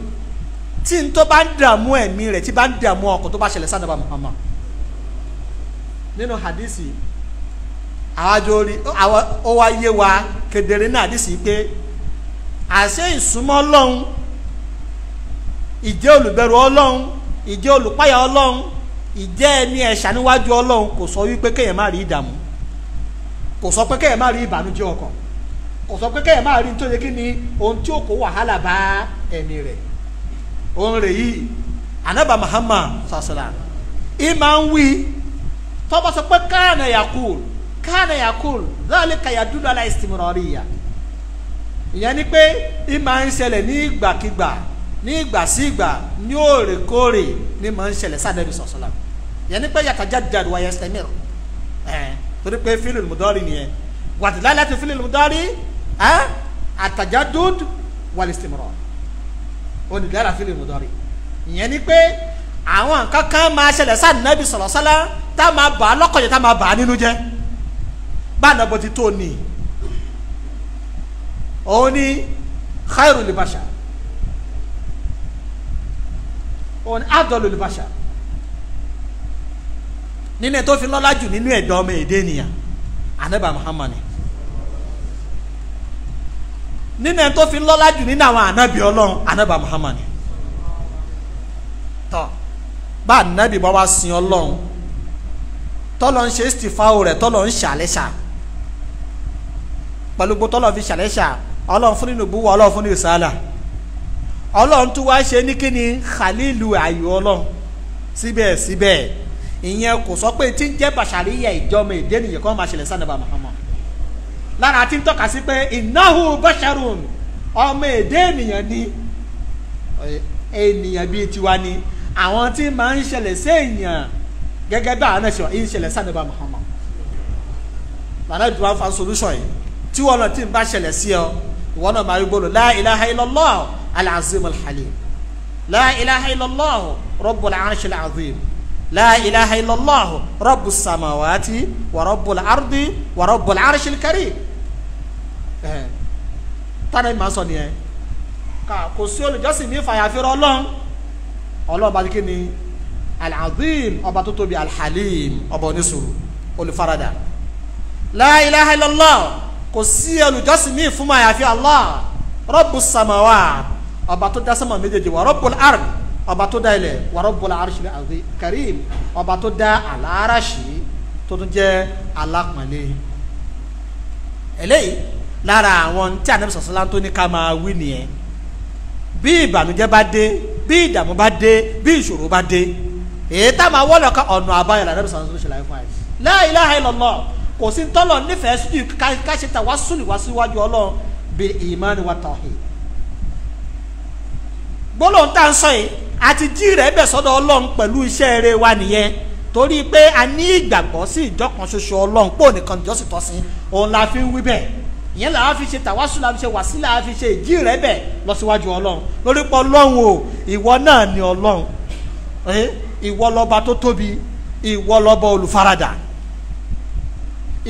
tí n tó bá ń dààmú ẹ̀mí rẹ̀ tí bá ń dààmú ọkọ̀ tó bá ṣẹlẹ̀ sànàbà Muhammad nínú hadisi àwájọ rí ó wá yé wa kedere náà hadisi pé àṣẹ ìsúnmọ́ ọlọ́run ìjẹ́ olùbẹ̀rù ọlọ́run ìjẹ́ olùpáyà ọlọ́run ìjẹ́ ẹni ẹ̀ṣà níwájú ọlọ́run kò sọ wípé kéèyàn má rí ìdààmú kò sọ pé kéèyàn má rí ìbànújẹ́ ọkàn kò sọ pé kẹ́yìn máa rí ní tó yẹ kí ni ohun tí ó kó wàhálà bá ẹ̀mí rẹ̀ òun rè yìí anaba Muhammad sasala ìmà ń wí tọ́ba sọ pé káàna yakul káàna yakul láàlẹ́ kàyàdúrà aláìsìmọ̀rọ̀ yà ìyẹn ni pé ìmà ń ṣẹlẹ̀ ní ìgbàkigbà ní ìgbàsígbà ní òrèkóòrè ní màá ń ṣẹlẹ̀ sádẹ́bí sọ̀sọ́lá ìyẹn ni pé yatajaddad wa yastamir ẹ̀ torí pé fílùmùdọ́rì nìyẹn wàdìlá láti fílùmùdọ́rì àtàjádód wàlìsìmọ̀rọ̀ onídàára fílẹ̀ mọ̀dọ́rì ìyẹn ni pé àwọn nǹkan kan máa ṣẹlẹ̀ sáà nàbì sọ̀rọ̀ sálá tá a máa bà á lọ́kọ̀jẹ̀ tá a máa bà á nínú jẹ́ bá a nàbọ̀ ti tó ni òun ni khairu libasha òun ni adọ́lu libasha nínú ẹ̀ tó fi lọ́lá jù nínú ẹ̀dọ́ èdè nìyà anábà muhammadu nínú ẹni tó fi lọ́lá jù nínú àwọn ànábì ọlọ́run ànábà Muhammad tọ́ bá ànábì bá wá sin ọlọ́run tọ́lọ̀ ń ṣe istifáwò rẹ̀ tọ́lọ̀ ń ṣàlẹ́ṣà pẹ̀lú gbogbo tọ́lọ̀ fi ṣàlẹ́ṣà ọlọ́run fún nínú ìbúwọ́ ọlọ́run fún nínú ìsáàlà ọlọ́run tún wá ṣe ní kíni khalilu ayò ọlọ́run síbẹ̀síbẹ̀ ìyẹn kò sọ pé tí ń jẹ́ bàṣàríyà ìjọ́mọ ìdẹ́nìyẹ kọ́ máa ṣẹlẹ̀ sànàbà lára tí ń tọ́ka sí pé innahu basharun ọmọ èdè ènìyàn ni ènìyàn bíi tiwa ni àwọn tí máa ń ṣẹlẹ̀ sí èèyàn gẹ́gẹ́ bí àwọn náà ṣe wà ń ṣẹlẹ̀ sànẹ́bà Muhammad lànà ìdúrà fa solution yìí tí wọn náà ti ń bá ṣẹlẹ̀ sí ọ ìwọ náà máa rí gbọ́dọ̀ la ilaha illallah al-azim al-halim la ilaha illallah rabbul arshil azim la ilaha samawati wa rabbul ardi wa rabbul arshil karim. Eh. tánà ìmọ̀ sọ nìyẹn kò sí olùjọ́sìn ní fàyàfẹ́rẹ́ ọlọ́run ọlọ́run bá ti kí ni al-azim ọba tó tóbi al-halim ọba onísùúrù olùfaradà la ilaha illallah kò sí olùjọ́sìn ní ìfúnmọ́ àyàfẹ́ allah rọ́bù samawa ọba tó dá sánmà méjèèjì wà rọ́bù ard ọba tó dá ilẹ̀ wà rọ́bù arṣi azim karim ọba tó dá alárasì tó tún jẹ́ alápọ̀nlé eléyìí lára àwọn tí ànábì sọ̀sọ́lá tó ní ká máa wí nìyẹn bí ìbànújẹ́ bá dé bí ìdààmú bá dé bí ìṣòro bá dé èyí tá máa wọ́lọ̀ ká ọ̀nà àbáyọ ànábì sọ̀sọ́lá tó ṣe láì fún àyè la ilaha illallah kò sí tọ́lọ̀ nífẹ̀ẹ́ sójú ká ṣe ta wàásùlù wá síwájú ọlọ́run bí ìmánu wa tawhid gbólóhùn tá à ń sọ yìí àti jí rẹ̀ bẹ̀ sọ́dọ̀ ọlọ́run pẹ̀lú iṣẹ́ eré wa nìyẹn torí pé a ní ìgbàgbọ́ sí ìjọ ọlọ́run pò nìkan ìjọsìn tọ́sìn òun la fi ń wí bẹ́ẹ̀ ìyẹn làá fi ṣe tàwásù làá fi ṣe wàsí làá fi ṣe ìjì rẹ bẹ̀ lọ síwájú ọlọ́run lórí pọ̀ ọlọ́run o ìwọ náà ni ọlọ́run ìwọ lọ́ba tó tóbi ìwọ lọ́ba olùfaradà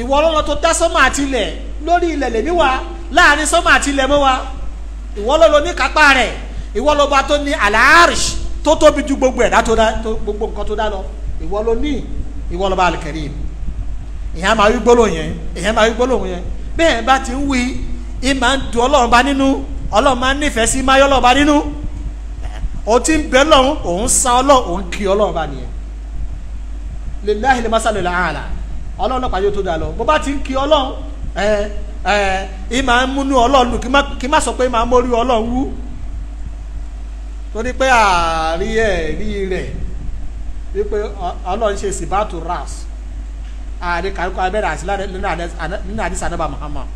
ìwọ lọ́lọ́ tó dá sọ́mà àtilẹ̀ lórí ilẹ̀ lèmi wa láàrin sọ́mà àtilẹ̀ mọ́ wa ìwọ lọ́lọ́ ní kápá rẹ̀ ìwọ lọ́ba tó ní àlàárìṣ tó tóbi ju gbogbo ẹ̀dá tó dá gbogbo nǹkan tó dá lọ ìwọ ló ní ìwọ lọ́ba alkarim ìyẹn máa wí gbólóhùn yẹn ìyẹn máa wí gbólóhùn yẹn bẹ́ẹ̀ bá ti ń ị ma máa ń ọlọ́run bá nínú ọlọ́run máa ń nífẹ̀ẹ́ sí ọlọ́run bá nínú ti ń bẹ lọ́run òun sa ọlọ́run òun kì ọlọ́run bá nìyẹn lillahi lè masalu la ala ọlọ́run lọ́pàá yóò tó lọ bó bá ti ń kì ọlọ́run ẹ ẹ máa ń múnú ọlọ́run lù kí má sọ pé máa mórí ọlọ́run wú torí pé rẹ̀ ṣe sìbátù ras ààrẹ kàríkọ abẹ́rẹ́ àti nínú àdìsí àdàbà Muhammad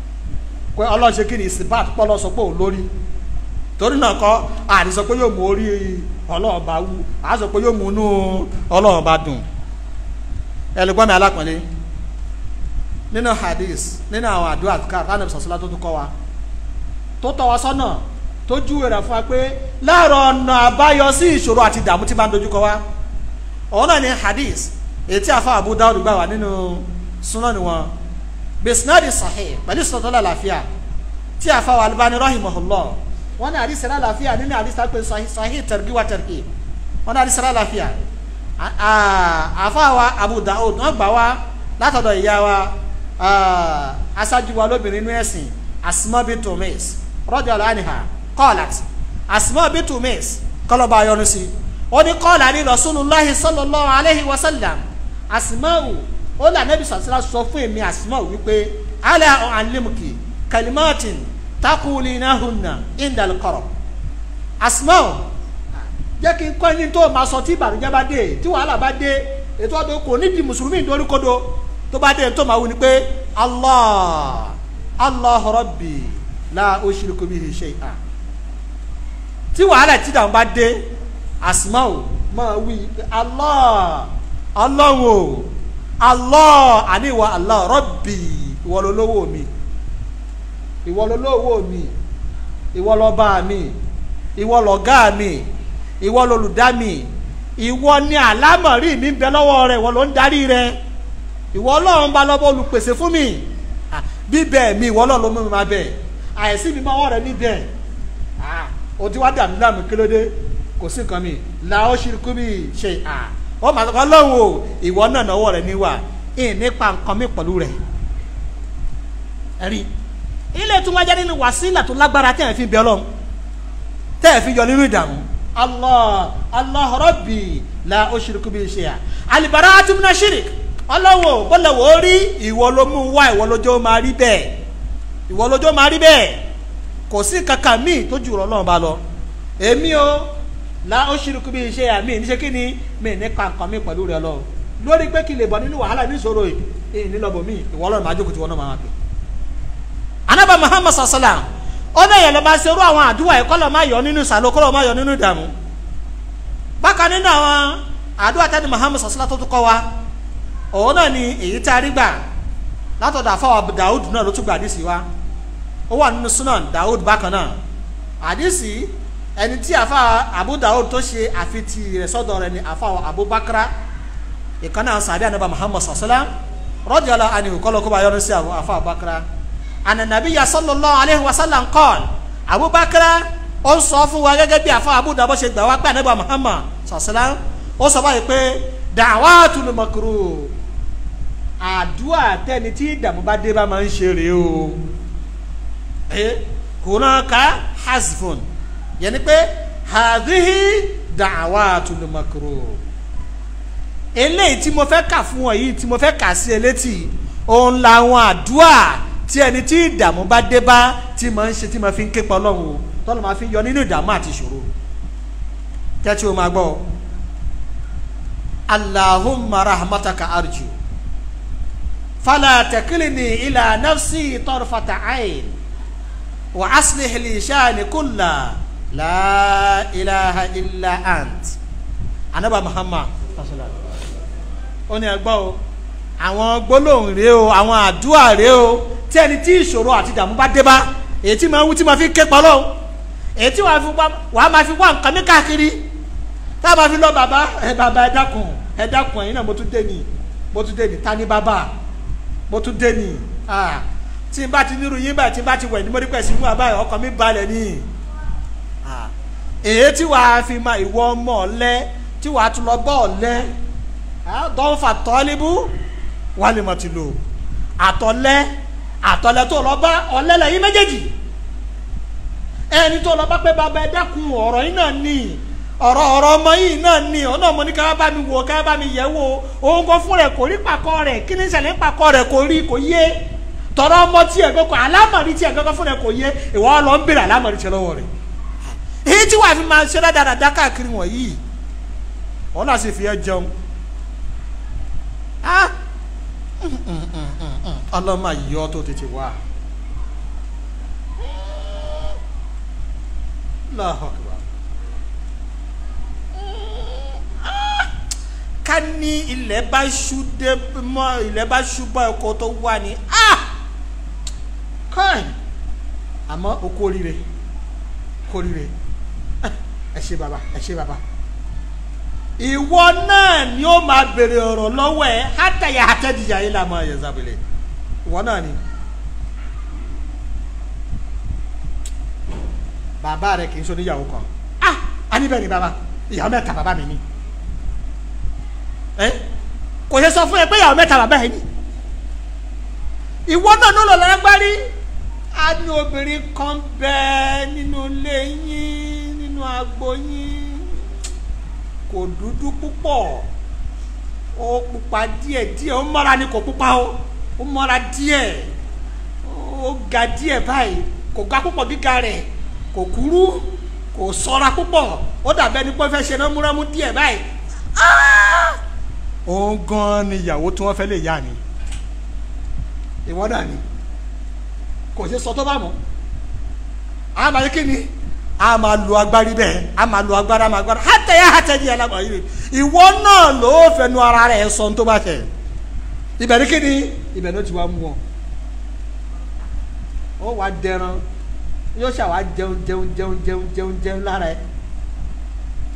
pé ọlọ́run ṣe kí ni ìsìnbáà pọ́lọ́ sọ pé òun lórí torí náà kọ́ ààrẹ sọ pé yóò mú orí ọlọ́run bá sọ dùn ẹlẹgbọ́n mi alákùnrin nínú hadith nínú àwọn àdúrà kàtàkùn sọ̀sọ́lá tó tún kọ́ wa tó tọ́ wa sọ́nà tó júwe rẹ̀ fún wa pé láàárọ̀ ọ̀nà àbáyọ sí ìṣòro hadith ètí àfa Abu Dawud gbà wá nínú súnà ni wọn bisnadi sahih pẹ̀lú sọ̀tọ́ lálàáfíà tí àfa wa Albani rahimahullah wọn ní àdìsí lálàáfíà nínú àdìsí àpè sahih targhib wa targhib wọn ní àdìsí lálàáfíà àfa wa Abu Dawud wọn gbà wá látọ̀dọ̀ ìyá wa aṣáájú wa lóbìnrin inú ẹ̀sìn Asma bint Umays radiyallahu anha qalat Asma bint Umays kọlọ́ba ayọ́nu sí i ó ní qala li Rasulullahi sallallahu alayhi wa àsìmáwò ó là nẹ́bí sàṣẹ́lá sọ fún èmi àsìmáwò wípé alẹ́ àlẹ́mùkì kalimatin takuli nahunna indal kọ̀rọ̀ àsìmáwò jẹ́ kí n kọ́ ní tó máa sọ tí ìbànújẹ́ bá dé tí wàhálà bá dé ètò àti kò nídìí mùsùlùmí ìdórí kodo tó bá dé tó máa wù ní pé allah allah rabbi la ushriku bihi shay'a tí wàhálà tí dàrú bá dé àsìmáwò máa wí allah ọlọ́run o Allah àníwá Allah rọ́bì ìwọ lolówó mi ìwọ mi ìwọ lọba mi ìwọ mi ìwọ lolùdá mi ìwọ ni àlámọ̀rí mi ń bẹ lọ́wọ́ rẹ ìwọ ló ń darí rẹ ìwọ ọlọ́run bá lọ́bọ̀ olùpèsè fún mi bíbẹ̀ mi ìwọ ọlọ́run ló mú mi máa bẹ̀ àìsí mi mọ́wọ́ rẹ níbẹ̀ o ti wá dàmí láàmú kílódé kò sí nǹkan mi làá ó ṣirikú mi ṣe à ó máa sọ pé o ìwọ náà náwó rẹ níwà ìn nípa nǹkan mi pẹ̀lú rẹ̀ ẹ̀rí ilé tí wọ́n jẹ́ nínú wàsílà tó lágbára tẹ́ẹ̀ fi bẹ ọlọ́run tẹ́ẹ̀ fi yọ nínú ìdààmú Allah Allah Rabbi la ushriku bi shay'a al-bara'atu min ash-shirk ọlọ́wọ́ bọ́lá wò ó rí ìwọ ló mú wá ìwọ lójó máa rí bẹ́ẹ̀ ìwọ lójó máa rí bẹ́ẹ̀ kò sí kankan míì tó jù ọlọ́run bá lọ èmi o la ó ṣirikú bí iṣẹ́ àmì níṣẹ́ kí ni mi ní kankan mi pẹ̀lú rẹ lọ lórí pé kí lè bọ́ nínú wàhálà níṣòro yìí nílọ́bọ̀ mi ìwọ ọlọ́run máa jókòó tí wọ́n máa pè. anábà muhammad sasala ó ní èèyàn ló bá ṣerú àwọn àdúrà ẹ̀kọ́ lọ máa yọ nínú ìsàlọ̀ kọ́ lọ máa yọ nínú ìdààmú. bákan nínú àwọn àdúrà tẹ́ni muhammad sasala tó tún kọ́ wa òun náà ni èyí tá a rí gbà látọ̀dọ̀ àfọwọ́ sunan dàúd bákan náà àdìsí ẹni tí àfa Abu Dawud tó ṣe àfitì rẹ̀ sọ́dọ̀ rẹ̀ ni àfa Abubakar ìkànnà sàbí anaba Muhammad sallam radiyallahu anhu kọ́lọ́kọ́ bá yọrí sí àfa Abubakar ànànàbí ya sallallahu alayhi wa sallam qala Abubakar ó ń sọ fún wa gẹ́gẹ́ bí àfa Abu Dawud ṣe gbà wá pé anaba Muhammad sallam ó sọ báyìí pé da'watul makruh àdúrà tẹni tí ìdààmú bá dé bá máa ń ṣe rèé o eh, kùnà ká hasfun yẹn ni pé hàdíhì dàwa àtúndùmọ̀kúrò eléyìí tí mo fẹ́ kà fún ọ yìí tí mo fẹ́ kà sí elétì òun làwọn àdúà tí ẹni tí ìdààmú bá dé bá tí mo ń ṣe tí mo fi ń képa ọlọ́run tọ́lọ́ máa fi yọ nínú ìdààmú àti ìṣòro tẹ́tí o máa gbọ́ allahumma rahmataka arju fala takilini ila nafsi tarfata ayn wa aslih li shani kullah la ilaha illa ant anaba muhammad ó ní ẹgbọ́ o àwọn gbólóhùn rèé o àwọn àdúrà rèé o tí ẹni tí ìṣòro àti ìdààmú bá dé bá èyí tí máa ń wú tí máa fi ké pọ́lọ́ èyí tí wàá máa fi wá nǹkan mi káàkiri tá a máa fi lọ bàbá ẹ bàbá ẹ dákun ẹ dákun ẹ̀yin náà mo tún dé ni mo tún dé ni ta ni bàbá mo tún dé ni tí n bá ti nírú yín báyìí tí n bá ti wẹ̀ ní mo rí pẹ̀sì fún bàbá ọkàn mi balẹ̀ nìyí èyí tí wàá fi ma ìwọ ọmọ ọ̀lẹ tí wàá tún lọ bọ́ ọ̀lẹ dọ́nfà tọ́líbù wálé mọ̀ ti lò àtọ̀lẹ́ àtọ̀lẹ́ tó lọ bá ọ̀lẹ lẹ́yìn méjèèjì ẹni tó lọ bá pé bàbá ẹ dẹ́kun ọ̀rọ̀ yìí náà nì ọ̀rọ̀ ọ̀rọ̀ ọmọ yìí náà nì ọ̀nà ọmọ ní káwá bá mi wò káwá bá mi yẹ̀ wò òun kan fún rẹ̀ kò rí pàkọ́ rẹ̀ kí ni ìṣẹ̀lẹ̀ pàkọ́ rẹ̀ kò rí kò yé tọ̀rọ̀ ọmọ tí ẹ̀ gbọ́kọ̀ alámọ̀rí tí ẹ̀ gbọ́kọ̀ fún rẹ̀ kò yé ìwọ lọ ń bèrè alámọ̀rí tí ẹ lọ́wọ́ rẹ̀ èyí tí wàá fi máa ṣe dáadáa káàkiri wọ̀nyí wọ́n là sì fi ẹ jẹun ah! ọlọ́mọ yìí tó tètè wá láhọ̀kìbá ká ní ilẹ̀ bá ṣú dé mọ́ ilẹ̀ bá ṣú bá ọkọ̀ tó wà ní ah! kọ́ìn àmọ́ okó oríire kó oríire ẹ ṣe bàbá ẹ ṣe bàbá ìwọ náà ni ó máa béèrè ọ̀rọ̀ lọ́wọ́ ẹ hátàyà hátàdìyà yìí làmọ́ ẹ̀yẹ sábẹ̀lẹ̀ ìwọ náà ni bàbá rẹ kì í sọ níyàwó kan ah a baba. ni bàbá ìyàwó mẹ́ta bàbá mi ni ẹ kò ṣe sọ fún ẹ pé ìyàwó mẹ́ta bàbá ẹ ni ìwọ náà ló lọ lágbárí a ní obìnrin kan bẹ́ẹ̀ nínú ilé yín inú agbo yín kò dúdú púpọ̀ ó pupa díẹ̀ díẹ̀ ó mọ́ra ni kò pupa o ó mọ́ra díẹ̀ ó ga díẹ̀ báyìí kò ga púpọ̀ gíga rẹ̀ kò kúrú kò sọ́ra púpọ̀ ó dàbẹ́ ni pé fẹ́ ṣe rámúrámú díẹ̀ báyìí òun gan ni ìyàwó tí wọ́n fẹ́ lè yá ni ìwọ́dà ni kò ṣe sọ tó bá mọ́ àbáyé kí ni a máa lo agbárí bẹ́ẹ̀ a máa lo agbára a máa gbára hátẹ́yà hátẹ́yà alábàáyé rẹ̀ ìwọ náà ló fẹnu ara rẹ̀ sọ tó bá tẹ̀ ibẹ̀ ní kíni ibẹ̀ ló ti wá mú wọn ó wá dẹran yóò ṣàwá jẹun jẹun jẹun jẹun jẹun jẹun lára ẹ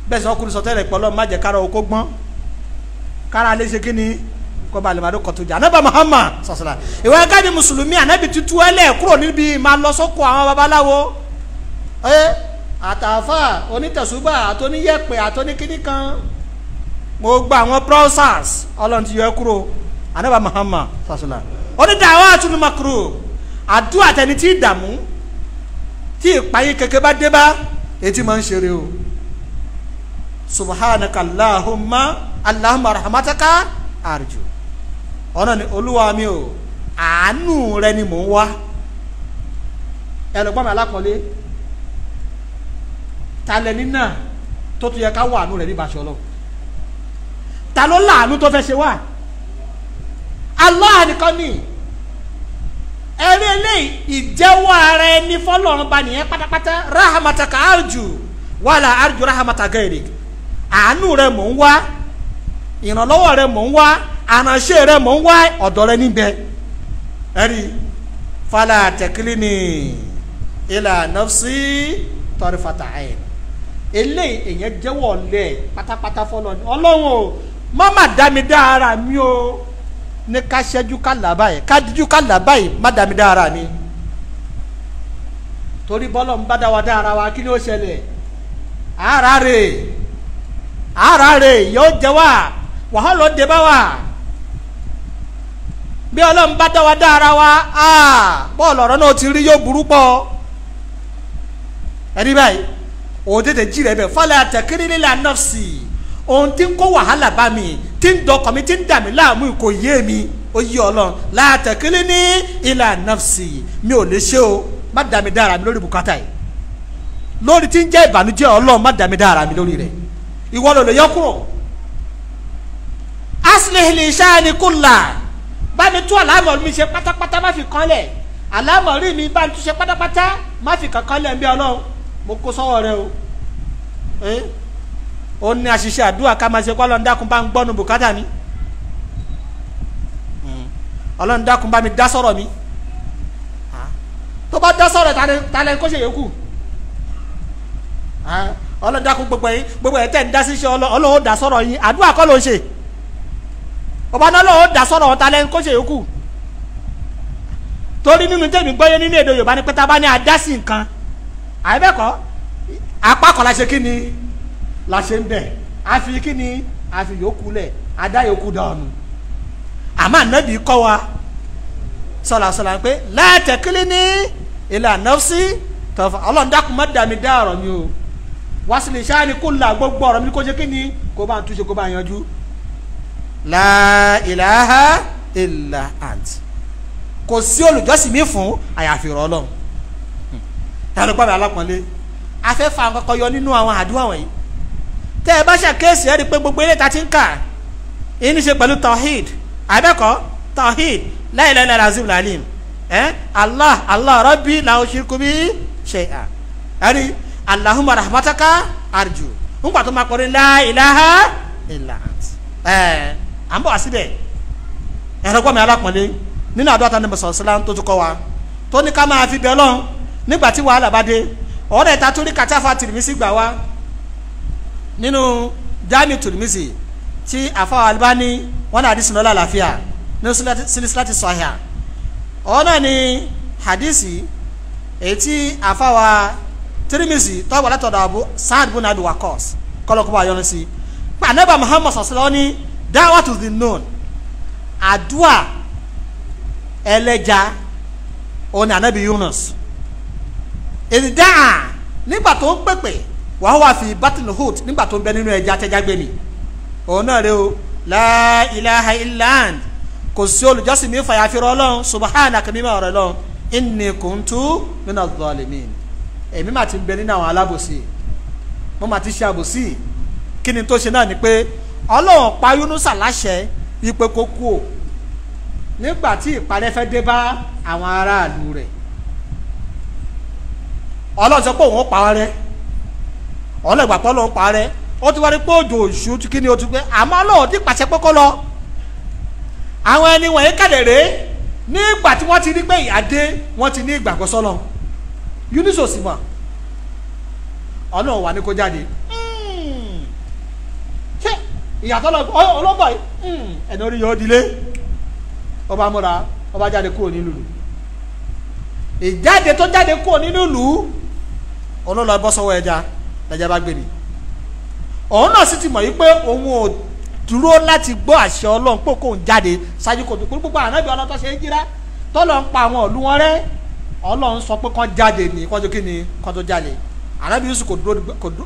bẹ́ẹ̀ sọ ọkùnrin sọtẹ́lẹ̀ pọ̀lọ́ má jẹ́ kára oko gbọ́n kára lè ṣe kíni kọba alimadu kọtuja anaba Muhammad sasala ìwà ẹka ni mùsùlùmí anabi tutu ẹlẹ kúrò níbi máa lọ sọkò àwọn babaláwo ẹ àtàfà onítẹ̀súbà àtọ́níyẹ̀pẹ̀ àtọ́níkíní kan mo gba àwọn process ọlọ́run ti yọ kúrò anábà Muhammad sàṣùlà onídàáwà àtúnumakuru àdúrà tẹni tí ìdààmú tí ìpayín kẹ̀kẹ́ bá dé bá etí máa ń ṣeré o subhanaka allahumma allahumma rahmataka arju ọ̀nà ni olúwa mi o àánú rẹ ni mò ń wá ẹ lọ gbọ́ mi alákọ̀ọ́lé ta lẹni náà tó tún yẹ ká wà àánú rẹ̀ níbà ṣọlọ ta ló láàánú tó fẹ́ ṣe wá Allah nìkan ni ẹrí eléyìí ìjẹ́wọ́ ara ẹni fọlọ́run ba nìyẹn pátápátá rahamataka arju wàhálà arju rahamataka èrè àánú rẹ mò ń wá ìrànlọ́wọ́ rẹ mò ń wá àránṣẹ́ rẹ mò ń wá ọ̀dọ̀ rẹ níbẹ̀ ẹ̀rí fàlà tẹ̀kílì ni ìlà nafsi tọrifata eléyìí èyàn jẹ́wọ́ lẹ̀ e pátápátá fọlọ́ ni ọlọ́run o má má dá mi dá ara mi o ní ká ṣẹ́jú ká là báyìí ká díjú ká là báyìí má dá mi dá ara mi torí bọ́lọ̀ ń bá dá wa dá ara wa kí ni ó ṣẹlẹ̀ ara rè ara rè yóò jẹ wá wàhálà ó bá wa bí ọlọ́run bá dá wa dá ara wa bọ́ọ̀lù ọ̀rọ̀ náà ti rí yóò burú pọ̀ ẹ̀rí báyìí o tètè jí rẹ bẹ fọlẹ àtẹkẹrẹrẹ la nọfsi ohun tí ń kó wàhálà bá mi tí ń dọkọ mi tí ń dà mí láàmú kò yé mi ó yí Ọlọ́run látẹkẹrẹ ní ilà nọfsi mi ò lè ṣe o má dà mí dára mi lórí bùkátà yìí lórí tí ń jẹ ìbànújẹ́ Ọlọ́run má dà mí dára mi lórí rẹ ìwọ ló lè yọ kúrò asilihili iṣẹ́ ni kùlà bá mi tú àlámọ̀ mi ṣe pátápátá má fi kán lẹ̀ àlámọ̀ rí mi bá mi tún ṣe pátápátá má fi kankan lẹ̀ ń bí Ọlọ́run mo kó sọ́wọ́ rẹ o ó ní àṣìṣe àdúrà ká máa ṣe kó ọlọ́run dákun bá ń gbọ́nu bùkátà mi hmm. ọlọ́run dákun bá mi dá sọ̀rọ̀ mi tó bá dá sọ̀rọ̀ ta lẹ́nu kó ṣe yòókù ọlọ́run dákun gbogbo yín gbogbo yín tẹ̀ ń dá síṣe ọlọ́run ó dá sọ̀rọ̀ yín àdúrà kọ́ ló ń ṣe ọba náà lọ́wọ́ dá sọ̀rọ̀ ta lẹ́nu kó ṣe yòókù torí nínú tẹ̀mí gbọ́yé nínú èdè Yorùbá ni pé ta bá ní adásí nǹkan àìbẹ́kọ̀ apá kan la ṣe kí ni la ṣe ń bẹ̀ a fi kí ni a fi yòókù lẹ̀ a dá yòókù dànù àmọ́ ànábì kọ́ wa sọ̀làsọ̀là pé látẹ̀kílí ní ìlànà sí tọ̀fà ọlọ́run dàmí dá ọ̀rọ̀ mi o wá sí lè ṣáàní la gbogbo ọ̀rọ̀ mi kó ṣe kí ni kó bá ń túṣe kó bá yanjú. la ilaha illa ant kò sí olùjọ́sìn mi fún àyàfi ọlọ́run tàbí pàbí alápọ̀nlé afẹ́fà kankan yọ nínú àwọn àdúrà wọ̀nyí tẹ́ ẹ bá ṣàkíyèsí ẹ rí i pé gbogbo eléyìí ta ti ń kà èyí ní ṣe pẹ̀lú tawhid àbẹ́kọ̀ tawhid la ilaha illa lalim ẹ́ allah allah rabbi la ushriku bi shay'a ẹ̀rí allahumma rahmataka arju ńgbà tó máa kọrin la ilaha illa ẹ̀ à ń bọ̀ wá síbẹ̀ ẹ̀rọ gbọ́mi alápọ̀nlé nínú àdúrà tani mùsùlùmí tó ti kọ́ wa ní ká nígbà tí wàhálà bá dé ọ̀rẹ́ ta torí katafa tìrìmísì gbà wá nínú jami tìrìmísì tí àfáà Albani wọn náà hadisi lọ́la àlàáfíà ní sílísílátì sọ̀híà ọ̀rọ̀ náà ni hadisi èyí tí àfáà tìrìmísì tọ́wọ́ látọ̀dọ̀ àbú Sa'ad bun Abi Waqqas kọ́lọ́kọ́bọ̀ ayọ́nu sí pa anábà Muhammad sọ̀sọ́lọ́ ní da'watu dhinnun àdúà ẹlẹ́ja òun ni anábì Yunus èdìdá à nígbà tó ń pèpè wàá wà fi batin hood nígbà tó ń bẹ nínú ẹja tẹjágbé ni òun náà rẹ o la ilaha illan kò sí olùjọ́sìn mi fàyàfẹ́rọ ọlọ́run subhanaka mímọ́ ọ̀rọ̀ ọlọ́run inni kuntu minaz zalimin èmi mà ti ń bẹ nínú àwọn alábòsí mo mà ti ṣe àbòsí kí ni tó ṣe náà ni pé ọlọ́run pa yunusa láṣẹ ipe kókó nígbà tí ìparẹ́ fẹ́ dé bá àwọn aráàlú rẹ̀ ọlọ́run sọ pé òun pa rẹ ọlọ́gbà pọ́ lọ́n pa rẹ ó ti wá rí pé òṣù kí ni o ti gbé àmọ́ ọlọ́run ti pàṣẹ pé kó lọ àwọn ẹni wọ̀nyí kẹ̀dẹ̀rẹ́ nígbà tí wọ́n ti rí pé ìyáde wọ́n ti ní ìgbàgbọ́ sọ́nà Yúnísù sì mọ̀ ọlọ́run wà ní kó jáde hmm. ṣé ìyàtọ̀ ọlọ́gbà hmm. ẹni orí yóò dilé ọba múra ọba jáde kúrò nílùú ìjáde tó jáde kúrò nínú olóòlà bọ́ sọ́wọ́ ẹja lẹ́jà bá gbé mi òun náà sì ti mọ̀ yí pé òun ò dúró láti gbọ́ àṣẹ ọlọ́run pé kò ń jáde ṣáájú kò tó gbogbo ànábì ọlọ́tọ́ ṣe é jíra tọ́lọ́ ń pa àwọn ìlú wọn rẹ́ ọlọ́run sọ pé kán jáde ní kọ́jọ́ kí ni kán tó jáde ànábì Yusuf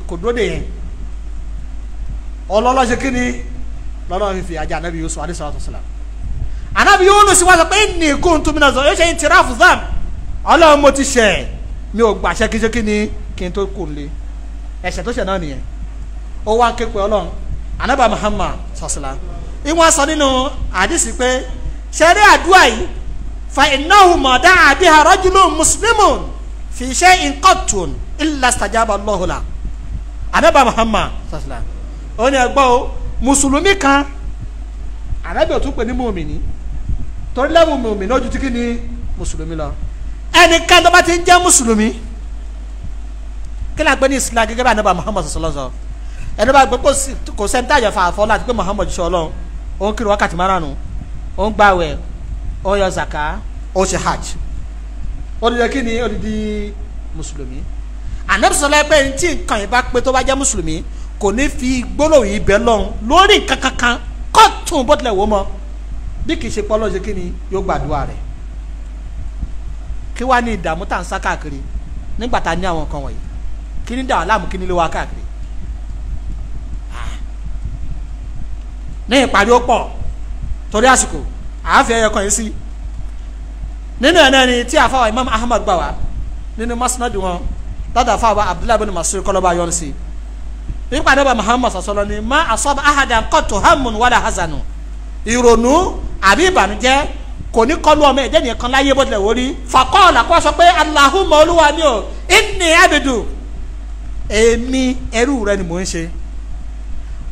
kò dúró dè yẹn ọlọ́lọ́ ṣe kí ni lọ́lọ́run fífi ajá ànábì Yusuf alayhi salatu wassalam ànábì Yunus wá sọ pé ní kóńtùmínà sọ yóò ṣe ń tirá fún sam ọlọ́run mo ti ṣẹ̀ mi ò gbàṣẹ́ kí kí n tó kù ń lé ẹ̀ṣẹ̀ tó ṣẹ̀ náà nìyẹn ó wá ké pé ọlọ́run anábà Muhammad sọ̀sìlá ìwọ̀n sọ nínú àdìsí pé ṣeré àdúrà yìí fa innahu mọ̀dá àbí rajulun muslimun fi shay'in qattun illa istajaba Allahu la Muhammad sọ̀sìlá ó ní ẹgbọ́ o mùsùlùmí kan anábì òtún pè ní mùmìnì torí lẹ́wọ̀n mùmìnì ojú ti mùsùlùmí lọ ẹnikẹ́ni tó bá ti ń jẹ́ mùsùlùmí kí la gbé ní islam gẹ́gẹ́ bá anábà muhammad sọlọ́sọ ẹni bá gbé kò sẹ́ńtà àjọfà àfọlá àti pé muhammad sọ ọlọ́run ó ń kiri wákàtí márùn-ún ó ń gbàwẹ̀ ó yọ zaka ó ṣe hajj odidi kí ni odidi mùsùlùmí anábì sọlá pé ní tí nǹkan yìí bá pé tó bá jẹ́ mùsùlùmí kò ní fi gbólóhùn ibẹ̀ lọ́run lórí nǹkan kankan tún bó wò mọ́ bí kì í ṣe pọ́lọ́ ṣe kí ni yóò gbàdúrà rẹ̀ kí wàá ní ìdààmú tá à ń sá káàkiri nígbà tá a ní àwọn nǹkan wọ̀nyí Kini da alamu kini láàmú kí ni lé wa káàkiri ah. ní ìparí ó pọ̀ torí àsìkò àáfẹ́ ẹ̀yọkàn yìí sí nínú ẹ̀ ni tí àfáwà Imam Ahmad gbà wá nínú masnad wọn dada àfáwà Abdullahi bin Mas'ud kọlọ́ba yọrù sí nípa àdébà Muhammad sọ̀sọ́lọ́ ni má asaba ahadan qattu hammun wala hazanu ìrònú àbí ìbànújẹ́ kò ní kọlu ọmọ ẹ̀jẹ̀ nìkan láyé bó tilẹ̀ wọ́n rí faqala kó sọ pé Allahumma olúwa ni o inni abidu èmi ẹrú rẹ ni mò ń ṣe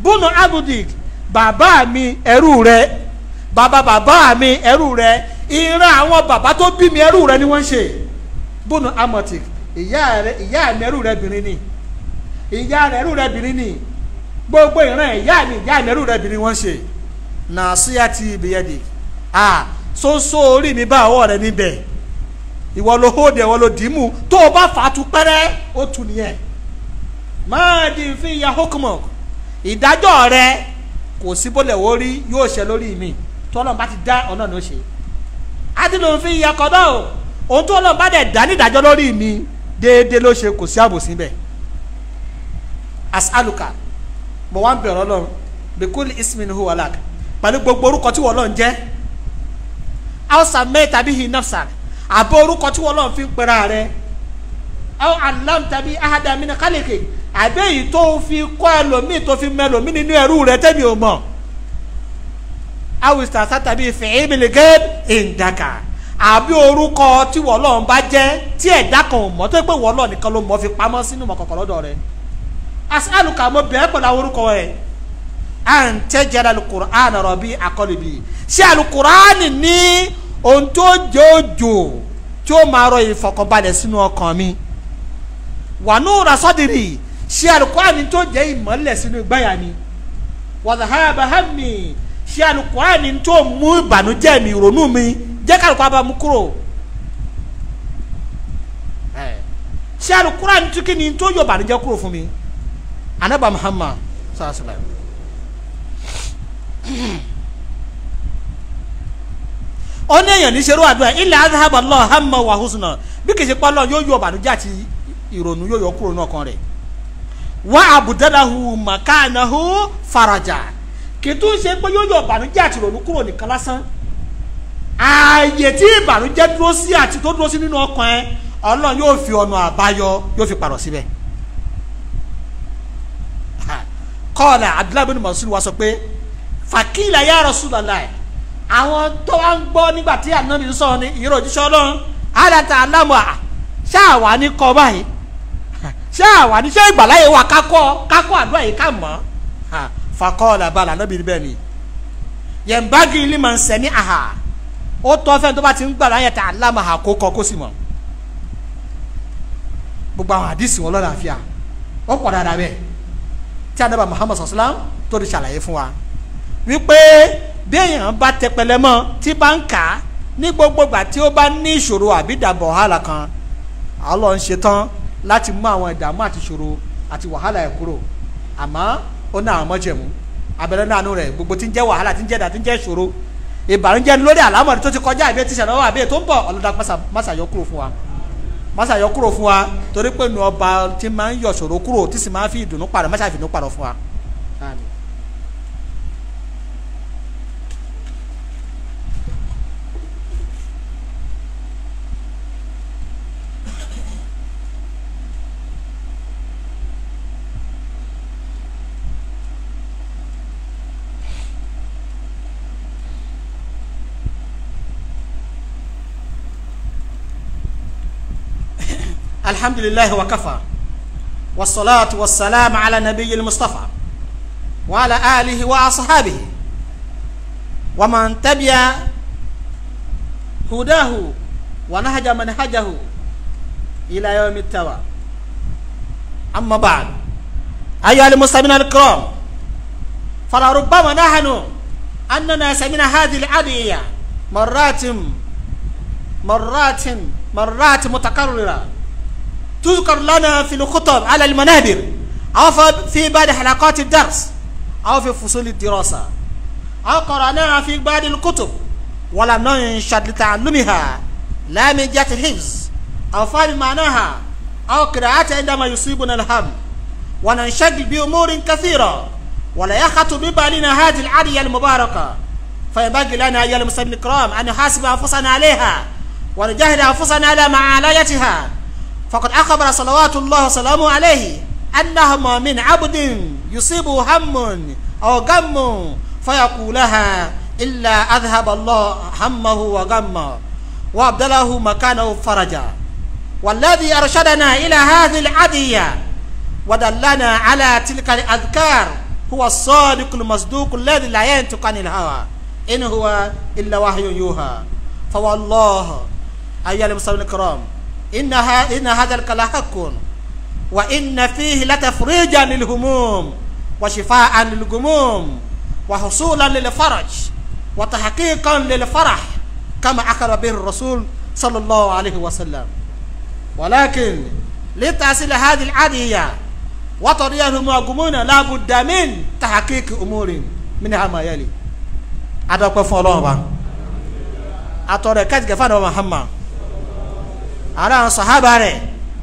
bùnú abudik bàbá mi ẹrú rẹ bàbá bàbá mi ẹrú rẹ ìran àwọn bàbá tó bí mi ẹrú rẹ ni wọ́n ń ṣe bùnú amotik ìyá rẹ ìyá mi ẹrú rẹ bìnrin ni ìyá rẹ ẹrú rẹ bìnrin ni gbogbo ìran ìyá mi ìyá mi ẹrú rẹ bìnrin wọ́n ń ṣe nàásíyá ti ibìyẹ́dì à sóńsó orí mi bá ọwọ́ rẹ níbẹ̀ ìwọ ló hóde ìwọ ló dìímù tó o bá fà pẹ́rẹ́ ó tu nìyẹn máa di fi ya hókùmọ̀ ìdájọ́ rẹ kò sí bó lè wó rí yóò ṣe lórí mi tọ́lọ́n ti dá ọ̀nà ní ó ṣe adìlò fi ya kọ́dọ̀ o ohun tó lọ́n bá dẹ̀ dá nídàjọ́ lórí mi déédéé ló ṣe kò sí àbòsí bẹ́ẹ̀ as'aluka mo wá ń bẹ̀rẹ̀ ọlọ́run bíkúlì ismin hu alak pẹ̀lú gbogbo orúkọ tí wọ́n lọ́n jẹ́ hausa mẹ́ta bíi hinafsa àbọ̀ orúkọ tí wọ́n lọ́n fi ń pera rẹ̀ aw alamta bi ahada min khaliki àbẹ́yìí tó fi kọ́ ẹlòmíì tó fi mẹlòmíì nínú ẹrú rẹ tẹ́mi ò mọ̀ awista sátàbí fìhìmìlì gẹ́ẹ́d ìdàkà àbí orúkọ tí wọ́lọ́ ń bá jẹ́ tí ẹ̀dá kan ò mọ̀ tó pé wọ́lọ́ nìkan ló mọ̀ fi pamọ́ sínú mọ̀ kọ̀kọ̀ lọ́dọ̀ rẹ̀ asálùkà mo bẹ̀ẹ́ pẹ̀lú àwọn orúkọ ẹ̀ à ń tẹ́jẹ́ alukur'an rọ̀ bí akọ́lùbí ṣé alukur'an ní ohun tó jẹ́ òjò tí ó máa rọ ìfọ̀kànbalẹ̀ sínú ọkàn mi wànúra sọ́dìrì ṣe alukurani tó jẹ́ ìmọ̀lẹ̀ sínú gbáyà ni wàdàhàbà hàmì ṣe alukurani tó mú ìbànújẹ́ mi ìrònú mi jẹ́ kálukú abá mú kúrò ṣe alukurani tó kí ni tó yọ ìbànújẹ́ kúrò fún mi anaba Muhammad sàlásàlá ọ̀nà èèyàn ní ṣerú àdúrà ilẹ̀ adhaba hamma wa bí kìí ṣe pálọ̀ yóò yọ ìbànújẹ́ àti ìrònú yóò yọ kúrò náà kan rẹ̀ wá àbùdádàhù màkànàhù farajà kì í tún ṣe pé yóò yọ ìbànújẹ́ àti ìrònú kúrò nìkan lásán ààyè tí ìbànújẹ́ dúró sí àti tó dúró sí nínú ọkàn ẹ ọlọ́run yóò fi ọ̀nà àbáyọ yóò fi pàrọ̀ síbẹ̀ kọ́ọ̀lá abdullahi bin wa sọ pé fàkìlà ya Rasulullah àwọn tó wá ń gbọ́ nígbà tí ànábì sọ ní ìròjíṣọ́ ọlọ́run alátà alámọ̀ ṣáà wà ní kọ́ báyìí ṣé àwa ní ṣé ìgbàláyè wa kákọ́ kákọ́ àdúrà yìí ká mọ́ fakọ́ làbàlà lọ́bi níbẹ̀ ni yẹnbági ilé máa ń sẹ́ni àhà ó tọ́ fẹ́ tó bá ti ń gbàlá yẹn tà lámà hà kó kọ́ kó sì mọ̀ gbogbo àwọn àdìsí wọn lọ́dà fíà ó pọ̀ dáadáa bẹ́ẹ̀ tí adaba Muhammad sallam tó di ṣàlàyé fún wa wípé béèyàn bá tẹpẹlẹ mọ́ tí bá ń kà á ní gbogbo ìgbà tí ó bá ní ìṣòro àbí ìdàbọ̀ hàlà kan àlọ́ ń ṣe láti mú àwọn ìdààmú àti ìṣòro àti wàhálà ẹ̀ kúrò àmọ́ ó ní àwọn mọ́jẹ̀mú abẹ́rẹ́ náà nù rẹ̀ gbogbo tí ń jẹ́ wàhálà tí ń jẹ́ ìdà tí ń jẹ́ ìṣòro ìbànújẹ́ lórí àlámọ̀rí tó ti kọjá àbí ti ṣẹlẹ̀ wà àbí tó ń bọ̀ ọlọ́dà mọ́sàyọ́ kúrò fún wa mọ́sàyọ́ kúrò fún wa torí pé nu ọba tí máa ń yọ̀ kúrò tí sì máa ń fi ìdùnnú pàrọ̀ mọ́sàfìdùnnú pàrọ̀ fún wa. Àmín. الحمد لله وكفى والصلاة والسلام على نبي المصطفى وعلى آله وأصحابه ومن تبع هداه ونهج منهجه إلى يوم التوى أما بعد أيها المسلمين الكرام فلربما نحن أننا سمعنا هذه الأدعية مرات مرات مرات متكررة تذكر لنا في الخطب على المنابر أو في بعض حلقات الدرس أو في فصول الدراسة أو قرأناها في بعض الكتب ولم ننشد لتعلمها لا من جهة الحفظ أو فهم معناها أو قراءتها عندما يصيبنا الهم وننشغل بأمور كثيرة ولا يخط ببالنا هذه العرية المباركة فينبغي لنا أيها المسلمين الكرام أن نحاسب أنفسنا عليها ونجاهد أنفسنا على معالجتها فقد أخبر صلوات الله وسلامه عليه أنهما من عبد يصيبه هم أو غم فيقولها إلا أذهب الله همه وغمه وأبدله مكانه فرجا والذي أرشدنا إلى هذه العدية ودلنا على تلك الأذكار هو الصادق المصدوق الذي لا ينطق عن الهوى إن هو إلا وحي يوحى فوالله أيها المسلمين الكرام إنها إن هذا الكلام وإن فيه لتفريجا للهموم وشفاء للجموم وحصولا للفرج وتحقيقا للفرح كما أخبر به الرسول صلى الله عليه وسلم ولكن لتحصيل هذه العادية وطريقة المعجمون لا بد من تحقيق أمور منها ما يلي أدعوكم فالله أتوري كاتك فانا محمد àwọn àwọn sàhábà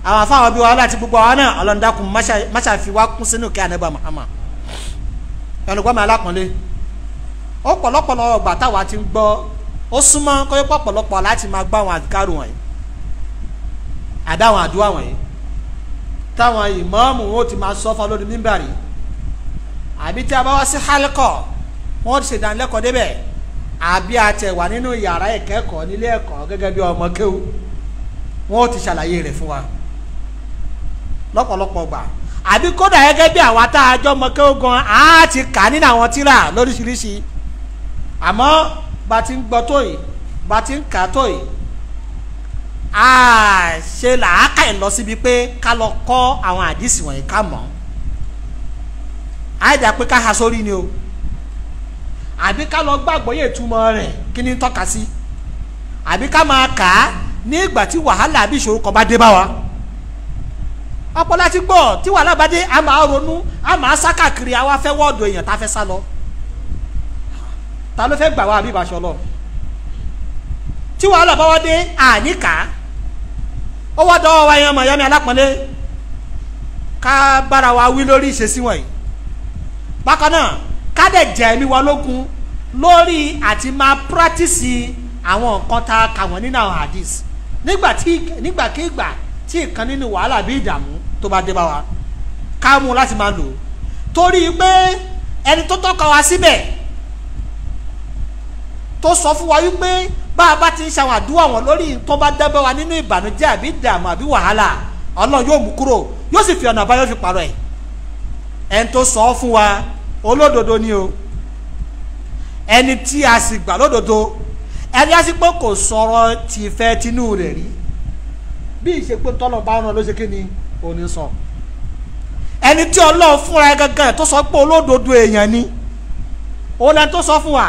àwọn afáwọn bí wàhálà àti gbogbo àwọn náà ọlọ́ndàkùn kún sínú kí anábà ẹnugbọ́n mi alákùnlé ó pọ̀lọ́pọ̀lọ́ ọgbà táwa ti ń gbọ́ ó súnmọ́ kọ́yọ́ pọ̀pọ̀lọpọ̀ láti máa gbọ́ àwọn àdìkárò wọ̀nyí àdáwọn àdúrà wọ̀nyí táwọn ìmáàmù ó ti máa sọ fún lórí mímbàrí àbí tí a bá wá sí hálíkọ̀ ti débẹ̀ àbí àtẹ̀wà nínú yàrá wọ́n ti ṣàlàyé rẹ̀ fún wa lọ́pọ̀lọpọ̀ gbà àbí kódà gẹ́gẹ́ bí àwa tá a jọ mọ kí ó gan á ti kà nínú àwọn tírà lóríṣiríṣi àmọ́ bá ti ń gbọ́ tó yìí bá ti ń kà tó yìí á ṣe làákà ẹ̀ lọ síbi pé ká lọ kọ́ àwọn àdìsí wọ̀nyí ká mọ̀ á pé ká ha sórí ni o àbí ká lọ gbàgbọ́ yẹ̀ túmọ̀ rẹ̀ kí ni tọ́ka sí àbí ká máa kà á ní ìgbà tí wàhálà àbí ìṣòro kan bá dé bá wa ọpọlọ ti gbọ́ tí wàhálà bá dé a máa ronú a máa sá káàkiri a wá fẹ́ wọ́ọ̀dù èèyàn tá a fẹ́ sá lọ ta ló fẹ́ gbà wá àbí ìbáṣọ lọ tí wàhálà bá wá dé àníkà ó wá dọ́wọ́ wa yan mọ̀yámi alápọ̀nlé ká bára wa wí lórí ìṣesí wọ̀nyí bákan náà ká dẹ̀ jẹ́ ẹ̀mí wa lógun lórí àti máa pírátìsì àwọn nǹkan tá a kà wọ́n nínú àwọn hadith nígbàkígbà tí ìkan nínú wàhálà bí ìdààmú tó bá dé bá wa ká mú láti máa lò torí pé ẹni tó tọ́ka wa síbẹ̀ tó sọ fún wa wípé bá a bá ti ń ṣàwọn àdúrà wọn lórí tó bá dábẹ́ wa nínú ìbànújẹ́ àbí ìdààmú àbí wàhálà ọlọ́run yóò mú kúrò yóò sì fi ọ̀nà àbáyọ fi pààrọ̀ ẹ̀ ẹni tó sọ fún wa olódodo ni o ẹni tí a sì gbà lódodo ẹni á sí pé kò sọ̀rọ̀ tìfẹ́ tinú rẹ̀ rí bí ìṣe pé tọ́lọ̀ bá rán ló ṣe kí ni òní sọ ẹni tí ọlọ́run fúnra gangan tó sọ pé olódodo èèyàn ni òun lẹni tó sọ fún wa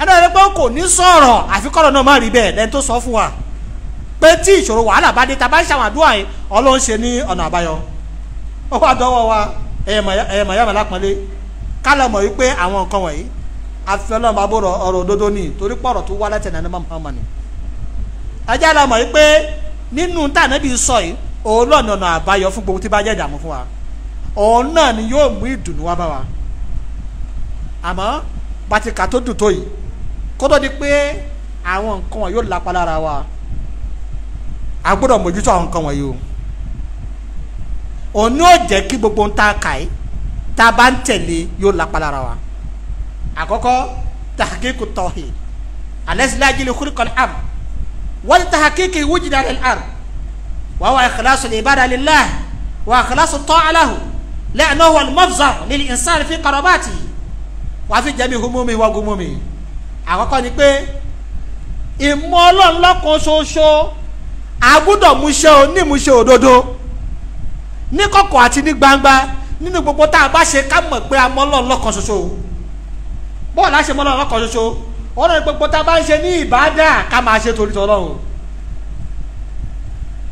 ẹni tó sọ pé kò ní sọ̀rọ̀ àfikọ́rọ̀ náà má rí bẹ́ẹ̀ lẹni tó sọ fún wa pé tí ìṣòro wàhálà bá dé ta ṣàwọn àdúrà yìí ọlọ́run ṣe ní ọ̀nà àbáyọ ó wà dọ́wọ́ wa ẹ̀yẹ̀mọ̀ yàrá lápọ̀nlé ká mọ̀ wípé àwọn nǹkan wọ̀nyí afẹ́lọ́n bá bọ̀rọ̀ ọ̀rọ̀ òdodo ni torí pọ̀rọ̀ tó wá láti ẹ̀nà Muhammad ni. ajá la mọ̀ pé nínú tànàbí sọ yìí òun náà nọ̀nà àbáyọ fún gbogbo tí bá jẹ́ ìdààmú fún wa òun náà ni yóò mú ìdùnnú wá bá wa àmọ́ bàtìkà tó dùn tó yìí kó tó di pé àwọn nǹkan wọn yóò lápá lára wa a gbọ́dọ̀ mójútó àwọn nǹkan wọ̀nyí o òun yóò jẹ́ kí gbogbo ń ta kàí tá a bá ń tẹ̀lé yóò lápá lára wa àkọ́kọ́ tahqiqu tawhid alẹ́sìlájìlì kúrìkọ̀lì am wọ́n ti tahqiqi wujida lil ar wà wà ikhlasu ibada lillah wà ikhlasu ta'alahu lẹ́ẹ̀nà wà mọ́fzà lil insan fi qarabati wà fi jẹ́mi humumi wà gumumi àkọ́kọ́ ni pé ìmọ̀ ọlọ́run lọ́kan ṣoṣo àgbúdọ̀ múṣe onímúṣe òdodo ní kọ̀kọ̀ àti ní gbangba nínú gbogbo tá a bá ṣe ká mọ̀ pé a mọ̀ bọ́ọ̀ láṣẹ mọ́ lọ́wọ́ kan ṣoṣo ọlọ́run gbogbo tá a bá ń ṣe ní ìbádà ká máa ṣe torí tọlọ́run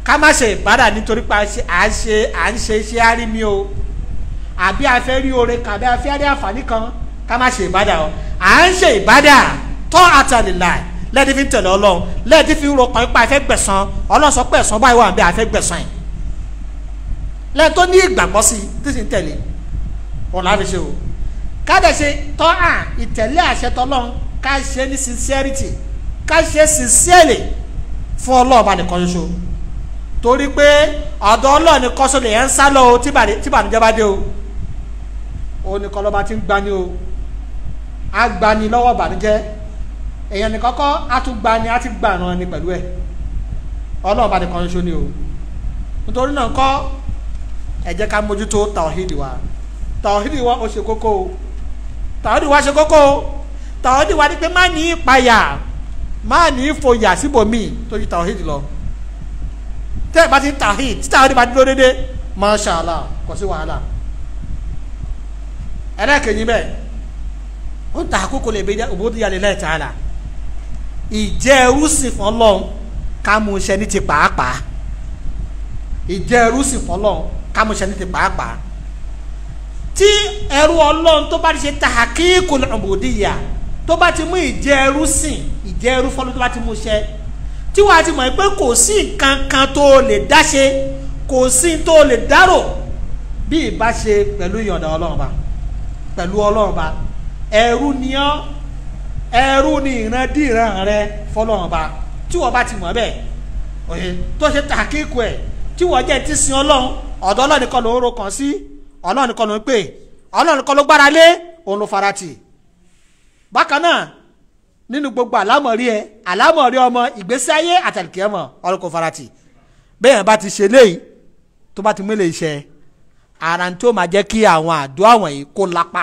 ká má ṣe ìbádà nítorí pé à ń ṣe à ń ṣe iṣẹ́ àárín mi o àbí a fẹ́ rí oore kan àbí a fẹ́ rí àǹfààní kan ká má ṣe ìbádà o à ń ṣe ìbádà tọ́ àtàlélà lẹ́ẹ̀dí fi ń tẹ̀lé ọlọ́run lẹ́ẹ̀dí fi ń ro kan ipa àfẹ́ gbẹ̀san ọlọ́run sọ pé ẹ̀san báyìí wà bí àfẹ́ gbẹ̀san yìí lẹ́ẹ̀ tó ní ìgbàgbọ́ sí i tí sì ń tẹ̀lé ọ̀la o káde ṣe tọ́ à ìtẹ̀lé àṣẹ tọ́lọ́n ká ṣe ní sincerity ká ṣe sincerely fún ọlọ́ọ̀ba nìkan ṣoṣo torí pé ọ̀dọ̀ ọlọ́ọ̀ni kọ́sọ́ lè yẹn ń sá lọ o tí bànújẹ́ bá dé o òun nìkan lọ́ba ti ń gbani o á gbani lọ́wọ́ bànújẹ́ èèyàn nìkan kọ́ á tún gbani á ti gbàràn ni pẹ̀lú ẹ̀ ọlọ́ọ̀ba nìkan ṣoṣo ni o nítorí náà kọ́ ẹ jẹ́ ká mójútó tàwíìdì wa tàwíìdì wa ó ṣe kókó o tàwọ́dì wa ṣe kókó tàwọ́dì wa ni pé má ní ìpayà má ní ìfòyà síbòmíì tó ju tàwọ́hìd lọ tẹ́ ẹ̀ bá ti ń tàwọ́hìd tí tàwọ́dì bá dúró déédéé masha allah kò sí wàhálà ẹlẹ́kẹ̀yìn bẹ́ẹ̀ ó ta àkókò lè bẹ òbódì yàrá ilẹ̀ ta'ala ìjẹ́ ẹrú sì fún ọlọ́run ká ní ti pàápàá ìjẹ́ ẹrú sì fún ọlọ́run ká ní ti pàápàá tí ẹrú ọlọ́run tó bá ti ṣe tahakíkul ubudiyya tó bá ti mú ìjẹ ẹrú sìn ìjẹ ẹrú fọlọ́ tó bá ti mú ṣẹ tí wàá ti mọ̀ pé kò sí nǹkan kan tó lè dáṣe kò sí tó lè dárò bí ìbá ṣe pẹ̀lú ìyọ̀ǹda ọlọ́run ba pẹ̀lú ọlọ́run ba ẹrú ni ọ́ ẹrú ni ìran dìran rẹ fọlọ́run ba tí wọ́n bá ti mọ̀ bẹ́ẹ̀ òye tó ṣe tahakíkù ẹ̀ tí wọ́n jẹ́ ti sin ọlọ́run ọ̀dọ́ ọlọ́run kan ló sí. Si ọlọ́run nìkan ló ń pè ọlọ́run nìkan ló gbára lé òun ló faratì bákan náà nínú gbogbo àlámọ̀rí ẹ àlámọ̀rí ọmọ ìgbésí ayé àtàlùkẹ́ ọmọ ọlọ́run kò faratì bẹ́ẹ̀ yẹn bá ti ṣe léyìí tó bá ti mú ilé iṣẹ́ ara tí ó máa jẹ́ kí àwọn àdó àwọn yìí kó lápá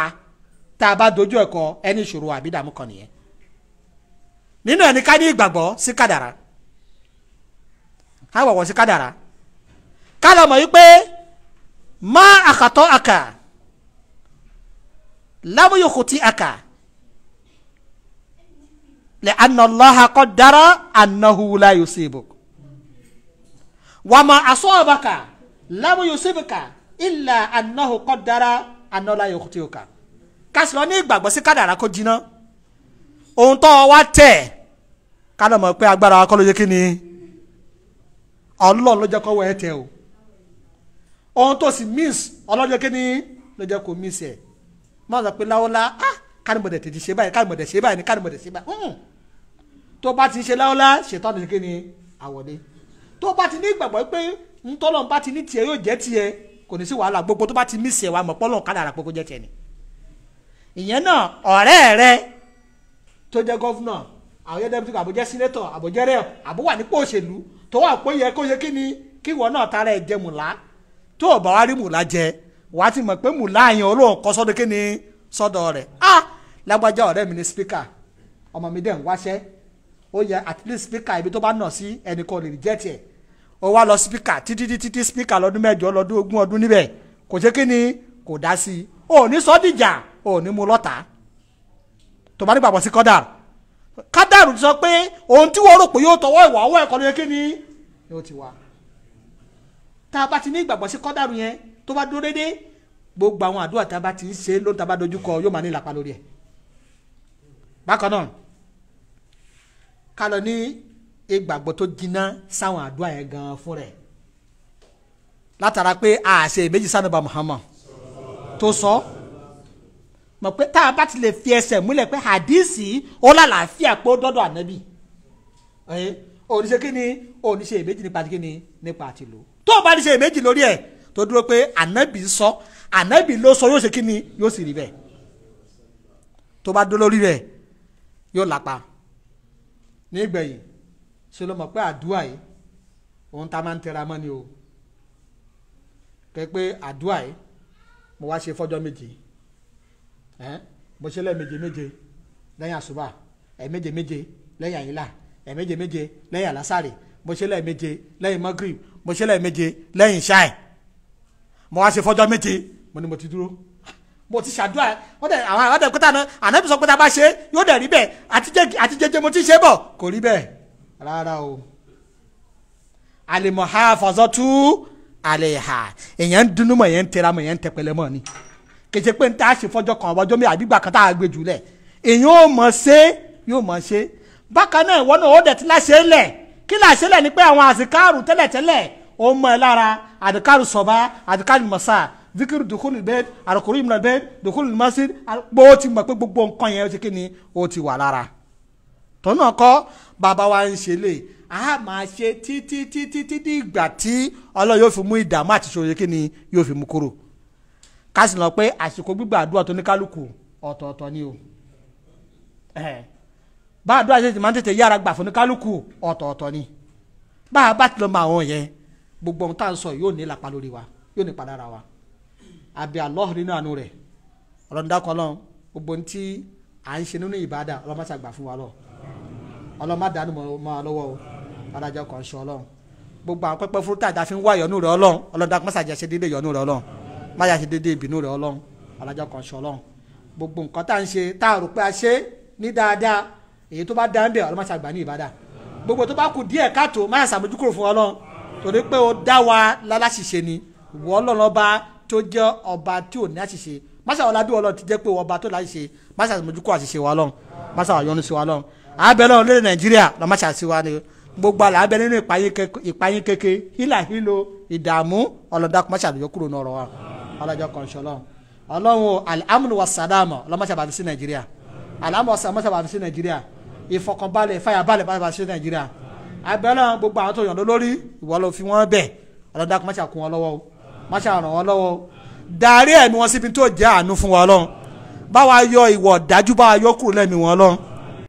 tá a bá dojú ẹ̀kọ́ ẹni ìṣòro àbí kan nìyẹn nínú ẹni ká ní ìgbàgbọ́ sí kádàrá ká wọ̀wọ̀ sí kádàrá ká lọ mọ̀ yí pé má àkàtọ́ àkà lámúyòkò tí àkà lè anàláha kọ́ dára anahula yusibu wàmà asọ́ọ̀bàkà lámúyòsíbùkà ìlà anahu kọ́ dára anọ́lá yòókù tí o kà kásì lọ ní ìgbàgbọ́ sí kádàrá kó jiná ohun tó wá tẹ̀ ká lọ mọ̀ pé agbára wa kọ́ ló yẹ ọlọ́run ló jẹ́ kọ́ ẹ tẹ o ohun tó sì miss ọlọ́jọ́ kí ni lọ́jọ́ kò miss ẹ̀ má sọ pé láwọ́lá ah kánimọ̀dẹ̀ tètè ṣe báyìí kánimọ̀dẹ̀ ṣe báyìí kánimọ̀dẹ̀ ṣe báyìí hmm. tó bá ti ṣe láwọ́lá ṣètọ́ ni kí ni àwọ̀dé tó bá ti ní ìgbàgbọ́ pé ntọ́lọ́n bá ti ní tiẹ̀ yóò jẹ́ tiẹ̀ kò ní sí wàhálà gbogbo tó bá ti miss ẹ̀ wà mọ̀ pọ́lọ́n kádàrà gbogbo jẹ́ tiẹ̀ ni ìyẹn náà ọ̀rẹ́ rẹ tó jẹ́ gọ́fúnà àwọn yẹn dẹ́bìtì àbójẹ́ sínétọ̀ àbójẹ́ rẹ̀ àbówà nípò òṣèlú tó wà pé yẹ kó yẹ kí ni kí ìwọ náà tara ẹ̀ jẹmùlá tó o bá wá rí mùlá jẹ wà á ti mọ̀ pé mùlá yẹn olóhùn kọ́ sọ́dọ̀ kí ni sọ́dọ̀ rẹ̀ ah lágbájá ọ̀rẹ́ mi ni speaker ọmọ mi dẹ̀ ń wáṣẹ́ ó yẹ at least speaker ibi tó bá nà sí ẹnì kan lè reject ẹ̀ ó wá lọ speaker títí títí speaker lọ́dún mẹ́jọ lọ́dún ogún ọdún níbẹ̀ kò ṣe kí ni kò dá sí i ò ní sọ dìjà ò ní mu lọ́ta tó bá nígbàgbọ́ sí kádàrù kádàrù sọ pé ohun tí wọ́n rò pé yóò tọwọ́ ìwà ọwọ́ ẹ̀kọ́ ló yẹ kí ni yóò ti wá tá a bá ti ní ìgbàgbọ́ sí kọ́dàrú yẹn tó bá dúró déédéé gbogbo àwọn àdúrà tá a bá ti ń ṣe ló ń tá a bá dojú kọ yóò máa ní ìlàpá lórí ẹ̀. bákan náà ká lọ ní ìgbàgbọ́ tó jiná sáwọn àdúrà yẹn gan-an fún rẹ̀ látara pé àṣẹ ìbejì sanaba Muhammad tó sọ mọ̀ pé tá a bá ti lè fi ẹsẹ̀ múlẹ̀ pé hadisi ó lálàáfíà pé ó dọ́dọ̀ ànábì oníṣe kí ni oníṣe ìbejì nípa kí ni nípa àtìlú tó o bá ti ṣe èméjì lórí ẹ̀ tó dúró pé ànábì sọ ànábì ló sọ yóò ṣe kí ni yóò sì rí bẹ́ẹ̀ tó bá dó lórí rẹ̀ yóò lápa nígbẹ̀yìn ṣe ló mọ̀ pé àdúrà yìí òun ta máa ń tẹra mọ́ ni o kẹ pé àdúrà yìí mo wá ṣe fọ́jọ́ méje mo ṣe lẹ́ẹ̀méje méje lẹ́yìn àṣùbà ẹ̀ẹ̀méje méje lẹ́yìn àyílà ẹ̀ẹ̀méje méje lẹ́yìn àlásàrè mo ṣe lẹ́ẹ̀méje lẹ́yìn magrib mo ṣe lẹ́ẹ̀méje lẹ́yìn ṣáì mo wá ṣe fọjọ́ méje mo ní mo ti dúró mo ti ṣàdúrà wọ́n dẹ̀ àwọn àwọn dẹ̀kútà náà ànábì sọ pé tá a bá ṣe yóò dẹ̀ rí bẹ́ẹ̀ àti jẹjẹ mo ti ṣe bọ̀ kò rí bẹ́ẹ̀ rárá o alimọ̀háfàzọ́tú àlẹ́hà èèyàn ń dunú mọ̀ èèyàn ń tẹra mọ̀ èèyàn ń tẹpẹlẹ mọ̀ ni kèsè pé n ta ṣe fọjọ́ kan ọjọ́ mi àbí gbà kan tá a gbé jùlẹ̀ èèyàn ò mọ̀ ṣe yóò mọ̀ ṣe bákan náà ìwọ náà ó dẹ̀ ti láṣẹ lẹ̀ kí là ṣẹlẹ̀ ni pé àwọn àsìkáàrù tẹ́lẹ̀tẹ́lẹ̀ ó mọ̀ ẹ́ lára àdìkáàrù sọ̀bá àdìkáàrù mọ̀sá zikiru dukulu bed alukuru imuna bed dukulu masir gbọ́ ó ti mọ̀ pé gbogbo nǹkan yẹn ó ti kí ni ó ti wà lára tọ́nà kọ́ bàbá wa ń ṣe lè a máa ṣe títí títí títí ìgbà tí ọlọ́run yóò fi mú ìdààmú àti ìṣòro kí ni yóò fi mú kúrò ká sì lọ pé àsìkò gbígbà àdúrà tó ní kálukú ọ̀tọ̀ọ̀tọ̀ ni o bá a dúró àti tètè máa ń tètè yára gbà fún ní kálukú ọ̀tọ̀ọ̀tọ̀ ni bá a bá ti lọ mọ àwọn yẹn gbogbo ohun tá à ń sọ yóò ní lápá lórí wa yóò ní padà ra wa àbí Allah nínú àánú rẹ̀ ọlọ́dúndákọ́ lọ́n gbogbo ohun tí à ń ṣe nínú ìbádà ọlọ́mọṣà gbà fún wa lọ ọlọ́mọdàánù mọ́ wa lọ́wọ́ o adájọ́ kan ṣe ọlọ́run gbogbo àwọn pẹpẹ fúrúta àdáfi ń wá ìyọnu rẹ̀ ọlọ́run ọlọ́dúndákọ́ má ní dáadáa èyí tó bá dá ń bẹ̀ ọlọ́mọṣẹ́ àgbà ní ìbádà gbogbo tó bá kù díẹ̀ káàtó máa ṣàmójúkúrò fún ọlọ́run torí pé o dá wa láláṣìṣe ni ìwọ ọlọ́run ọba tó jẹ́ ọba tí ò ní àṣìṣe máṣá ọlá bí ọlọ́run ti jẹ́ pé ọba tó láṣìṣe máṣá àmójúkúrò àṣìṣe wa ọlọ́run máṣá àyọnu sí wa ọlọ́run àbẹ̀ ọlọ́run lórí nàìjíríà lọ́mọṣà sí wa ni gbogbo àlà abẹ nínú ìpayín keke hílà hílo ìdààmú ọlọ́dàkùn máṣá àdójọ́kúrò náà rọ̀ wa ọlọ́jọ́ kan ṣọlọ́run ọlọ́run alamunu wa sadama ọlọ́mọṣà bàbí sí nàìjíríà alamunu wa sadama ọlọ́mọṣà bàbí sí nàìjíríà ìfọkànbalẹ̀ ìfàyàbalẹ̀ bá a ṣe nàìjíríà abẹ́lẹ́ gbogbo àwọn tó yàn lórí ìwọ ló fi wọ́n bẹ̀ ọlọ́dà kò má ṣe àkún wọn lọ́wọ́ o má ṣe àràn wọn lọ́wọ́ o darí ẹ̀mí wọn síbi tó jẹ́ àánú fún wọn lọ́n báwa yọ ìwọ̀ dájú báwa yọ kúrò lẹ́mí wọn lọ́n